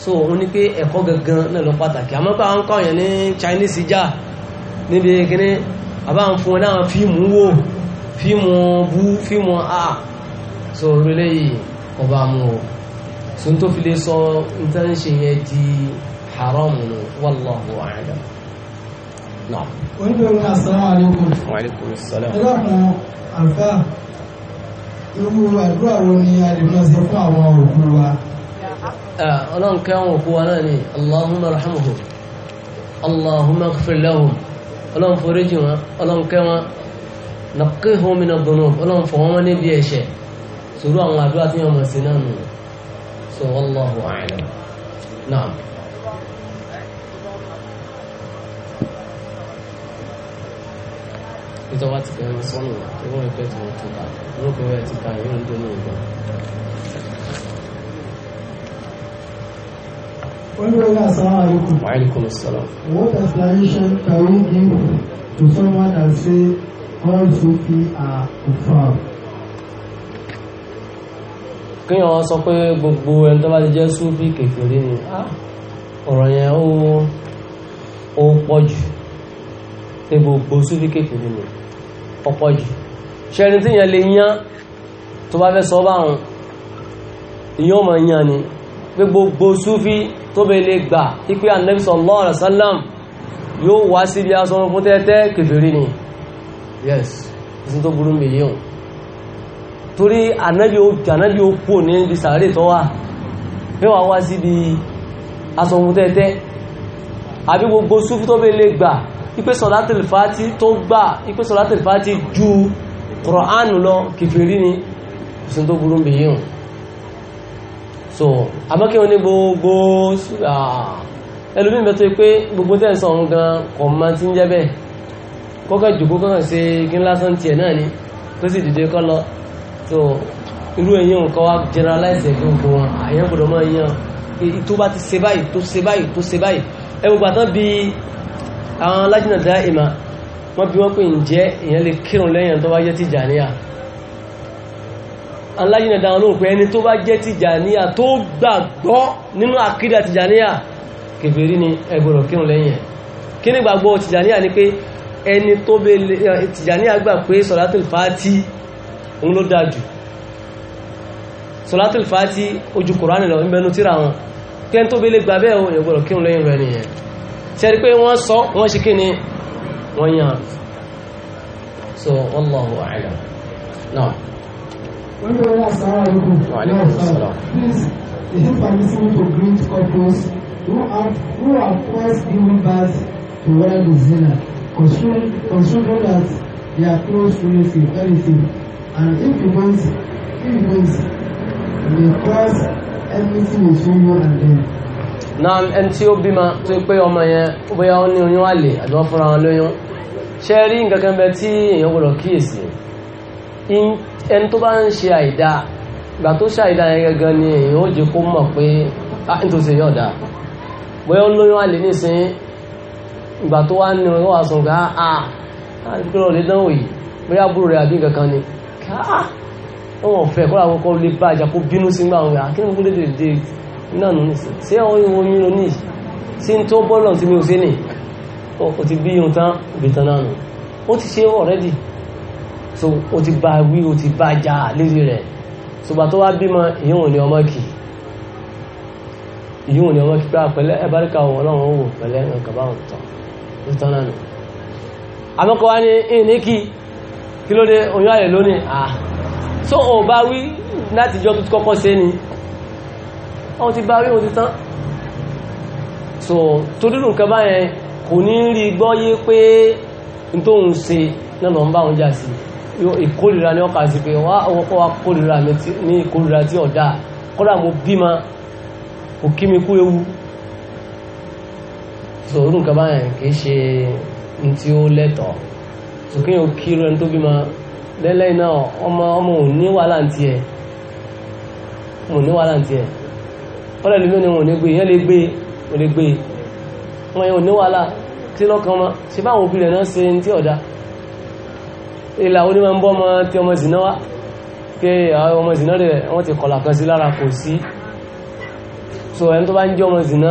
so òun ni pé ẹ̀kọ́ gangan náà lọ pàtàkì àmọ́ pé àwọn kọ́ ní Chinese jà níbi kíní àbá ń fún wọn náà fíìmù wò fíìmù bú fíìmù a so orílẹ̀ yìí kò bá mu o so n tó fi lè sọ n tán ṣe yẹn di haram nù wallahu a'lam. نعم. oníbẹ̀rù assalamu alaikum. wa alaikum رحمه ẹ dákun àlùfà irú àdúrà wo ni a lè máa ṣe fún àwọn òkú wa. ọlọ́run kẹ́wọ̀n òkú wa náà ni allahumma rahmuhu allahumma ighfir lahum ọlọ́run foríjì wọn ọlọ́run kẹ́wọ̀n nàkíhùn mi náà gbọ́nà ọlọ́run fọwọ́n wọn níbi ẹ̀ṣẹ̀ sòrò àwọn àdúrà tí wọ́n mọ̀ sí náà nù sọ wallahu a'lam náà. tó bá ti fẹ́ sọ́nù tó wọ́n fẹ́ tó tó ta lóko ẹ̀ ti ta ìyóò ń dúró ìgbà. When we were assalamu alaikum, what explanation can we give to someone that say all Sufi are kufar? Kíyàn sọ pé gbogbo ẹni tó bá ti jẹ́ Sufi kèfèrí ni, ọ̀rọ̀ yẹn ó pọ̀ jù, pé gbogbo Sufi kèfèrí ni ọ̀pọ̀ jù ṣẹ́ni tí yẹn lè yán tó bá fẹ́ sọ báhùn ìyàn mọ̀ yán ni pé gbogbo súfí tó bẹ lè gbà ipé Ànábì sallallahu alaihi wasallam yóò wá sí ibi aṣọ ọmọ fún tẹ́tẹ́ kèfèrí ni yes ìsìn tó burú mi yíò torí Ànábì ó kú ní ibi sàárè tó wà pé wà wá sí ibi aṣọ ọmọ tẹ́tẹ́ àbí gbogbo súfí tó bẹ lè gbà ipe sọ̀látìl fàtí tó gbà ipe sọ̀látìl fàtí ju Qur'an lọ kìfèrí ni ìsìn tó burú bèyí hàn so àmọ́kí wọn ní gbogbo ẹlòmí mẹ́tọ́ pé gbogbo tẹ́sán ọ̀run gan kọ̀ máa ti ń jẹ́ bẹ́ẹ̀ kọ́kọ́ jùkú kọ́kọ́ sí kí lásán tiẹ̀ náà ni tó sì dìde kọ́ lọ so irú ẹ̀yìn nǹkan wá generalize ẹ̀kọ́ gbogbo wọn àyẹ̀kọ́ lọ́mọ yẹn tó bá ti ṣe báyìí tó ṣe báyìí tó ṣe báyìí ẹ gbogbo àtàn bíi àwọn lájínà dáìmá wọ́n bí wọ́n pè ń jẹ́ èyàn lè kírun lẹ́yìn tó bá jẹ́ Tìjàníyà àwọn lájínà dáwọn lóhùn pé ẹni tó bá jẹ́ Tìjàníyà tó gbàgbọ́ nínú àkídà Tìjàníyà kèfèrí ni ẹ gbọ́dọ̀ lẹ́yìn kí ni gbàgbọ́ Tìjàníyà ni pé ẹni tó bẹ Tìjàníyà gbà pé sọ̀látìl fàátì òun ló dáa jù sọ̀látìl fàátì ojú kùránì lọ ń bẹnu tíra wọn kí ẹni tó bẹ lè gbà bẹ́ẹ̀ ò sẹ́rí pé wọ́n sọ wọ́n ṣe kí ni wọ́n yàn so wallahu a'lam náà. When are Assalamualaikum. Please, is it to greet couples who are who are twice given birth to Zina, considering considering that they are close relative, anything, and if you want, if you want, may cause enmity between you and them náà ẹni tí ó bímọ tó pé ọmọ yẹn ó bóyá ó ní oyún àlè àbí wọ́n fúnra wọn lóyún ṣe rí nǹkan kan bẹ tí èèyàn gbọ́dọ̀ kíyèsí ẹni tó bá ń ṣe àìdá ìgbà tó ṣe àìdá yẹn gẹ́gẹ́ ni èèyàn ó jẹ́ kó mọ̀ pé nítòsí yóò dáa bóyá ó lóyún àlè nísìnyí ìgbà tó wá ní ọwọ́ àsùn ká àà àdúgbò lè dánwò yìí bóyá búrò rẹ̀ àbí nǹkan ni káà wọ́n fẹ́ kọ́ra àwọn kọ́ lè bá àjà kó bínú sí gbà kí ni mo gbọ́dọ̀ dé náà nù nísìn sí àwọn ìwò mìíràn ní sí ń tó bọ́ọ̀lọ̀ tí mi ò sí nì o ti bí yóò tán ìbìtàn náà nù ó ti ṣe already so o ti bá wí o ti bá já lérí rẹ̀ ṣùgbà tó wá bímọ ìyóhùn ni ọmọ kì ìyóhùn ni ọmọ kì pé àpẹlẹ ah, ẹbáríkà wọn ọlọ́run ó wò pẹ̀lẹ́ nǹkan báwọn tán ìtàn náà nù àmọ́kọ̀ wá ní ìníkì kí ló dé oyún àyè ah so ò bá wí láti jọ tó kọ́kọ́ ṣe ọ ti bá rí o ti tán so torínú nǹkan báyẹn kò ní rí gbọ́ yí pé n tó ń náà ń bá wọn jà sí ìkórìíra ní ọkà sí pé wá àwọn kọ́ wa kórìíra ní ìkórìíra tí mo kò kí mi ewu so kì í ṣe n tí so kí ni o kí irú ẹni tó bímọ lẹ́lẹ́yìn náà ọmọ ọmọ ò ní wàhálà wọ́n lẹ́nu mí ni wọ́n lè gbé yẹn lè gbé wọ́n lè gbé wọ́n yẹn ò ní wàhálà tí lọ́kàn wọn ṣe bá àwọn òbí rẹ̀ náà ṣe ní tí ọ̀dá ìlà onímọ̀ ń bọ́ ọmọ tí ọmọ ìsìná wá pé àwọn ọmọ ìsìná rẹ̀ wọ́n ti kọ̀là kan sí lára kò sí so ẹni tó bá ń jẹ́ ọmọ ìsìná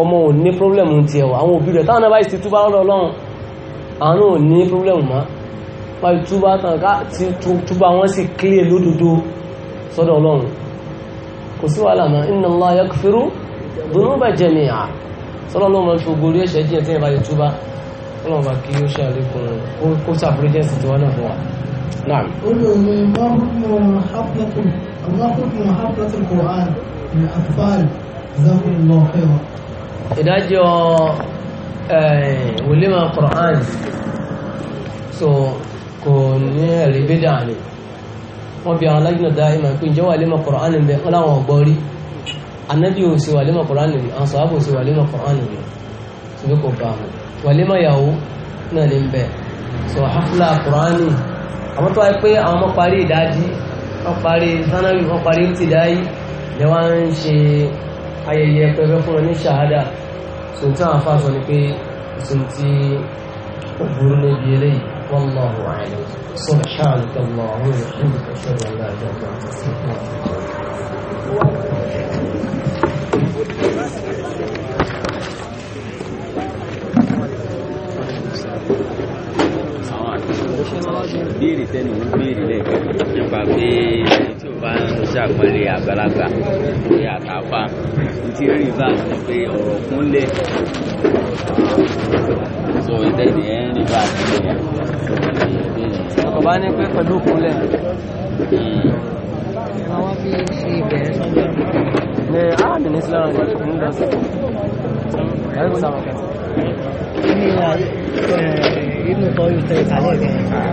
ọmọ ò ní pírọ́blẹ̀mù ti ẹ̀wọ̀ àwọn òbí rẹ̀ táwọn náà bá ti túbá lọ́dọ̀ ọlọ́run àwọn náà ò ní pírọ́blẹ̀mù mọ́ wọ́n ti túbá wọn sì clear lódodo sọ́dọ̀ ọlọ́run kò sí wàhálà mọ́ inna Allah yaghfiru dhunuba jami'a sọlọ́lọ́ máa ń fi ogorí ẹ̀ṣẹ̀ jìyàn tí yẹn bá lè túbá ọlọ́run bá kí ó ṣàlékún kó sàfúrẹ́jẹ́ sí tiwọn náà fún wa. Naam. Olùwẹ̀ máa ń mú haflatul àwọn akókò haflatul eh, Qur'an so kò ní ẹ̀rí bídà ni wọ́n bí àwọn alájùnà dá ìmọ̀ pé ìjọ wà lẹ́mọ̀ kọ̀rọ̀ánì bẹ wọ́n láwọn ọ̀gbọ́ rí anábì ò sí wà lẹ́mọ̀ kọ̀rọ̀ánì rí àwọn sọ̀hábò sí wà lẹ́mọ̀ kọ̀rọ̀ánì rí ṣùgbọ́n kò bá wọn wà lẹ́mọ̀ yàwó náà ní bẹ sọ hafla kọ̀rọ̀ánì àwọn tó wá pé àwọn ọmọ parí ìdájí wọ́n parí sanawi wọ́n parí ti dáyí lẹ́ wá ń ṣe ayẹyẹ pẹpẹ fún wọn ní ṣàhádà tí àwọn afáàsọ ni pé sùn tí ó burú níbi eléyìí والله أعلم سبحانك اللهم وبحمدك أشهد أن لا إله إلا أنت béèrè tẹ́lẹ̀ ń béèrè lẹ́ẹ̀kan nípa pé tí o bá ń ṣàpẹẹrẹ àgbàlagbà ní àtàfà tí rí bá ti pé ọ̀rọ̀ kúnlẹ̀ sọ ìdẹ́ ìyẹn rí bá àti ìyẹn. ọba ní pé pẹ̀lú òkúnlẹ̀. Hmm. àwọn fi ṣe ìbẹ̀rẹ̀ sọ́jọ́. Ah, ní áàmì ní sílára ní ìṣòkùn lọ sí. ẹ̀rọ ìsàmọ̀kẹ́. inú ìtọ́jú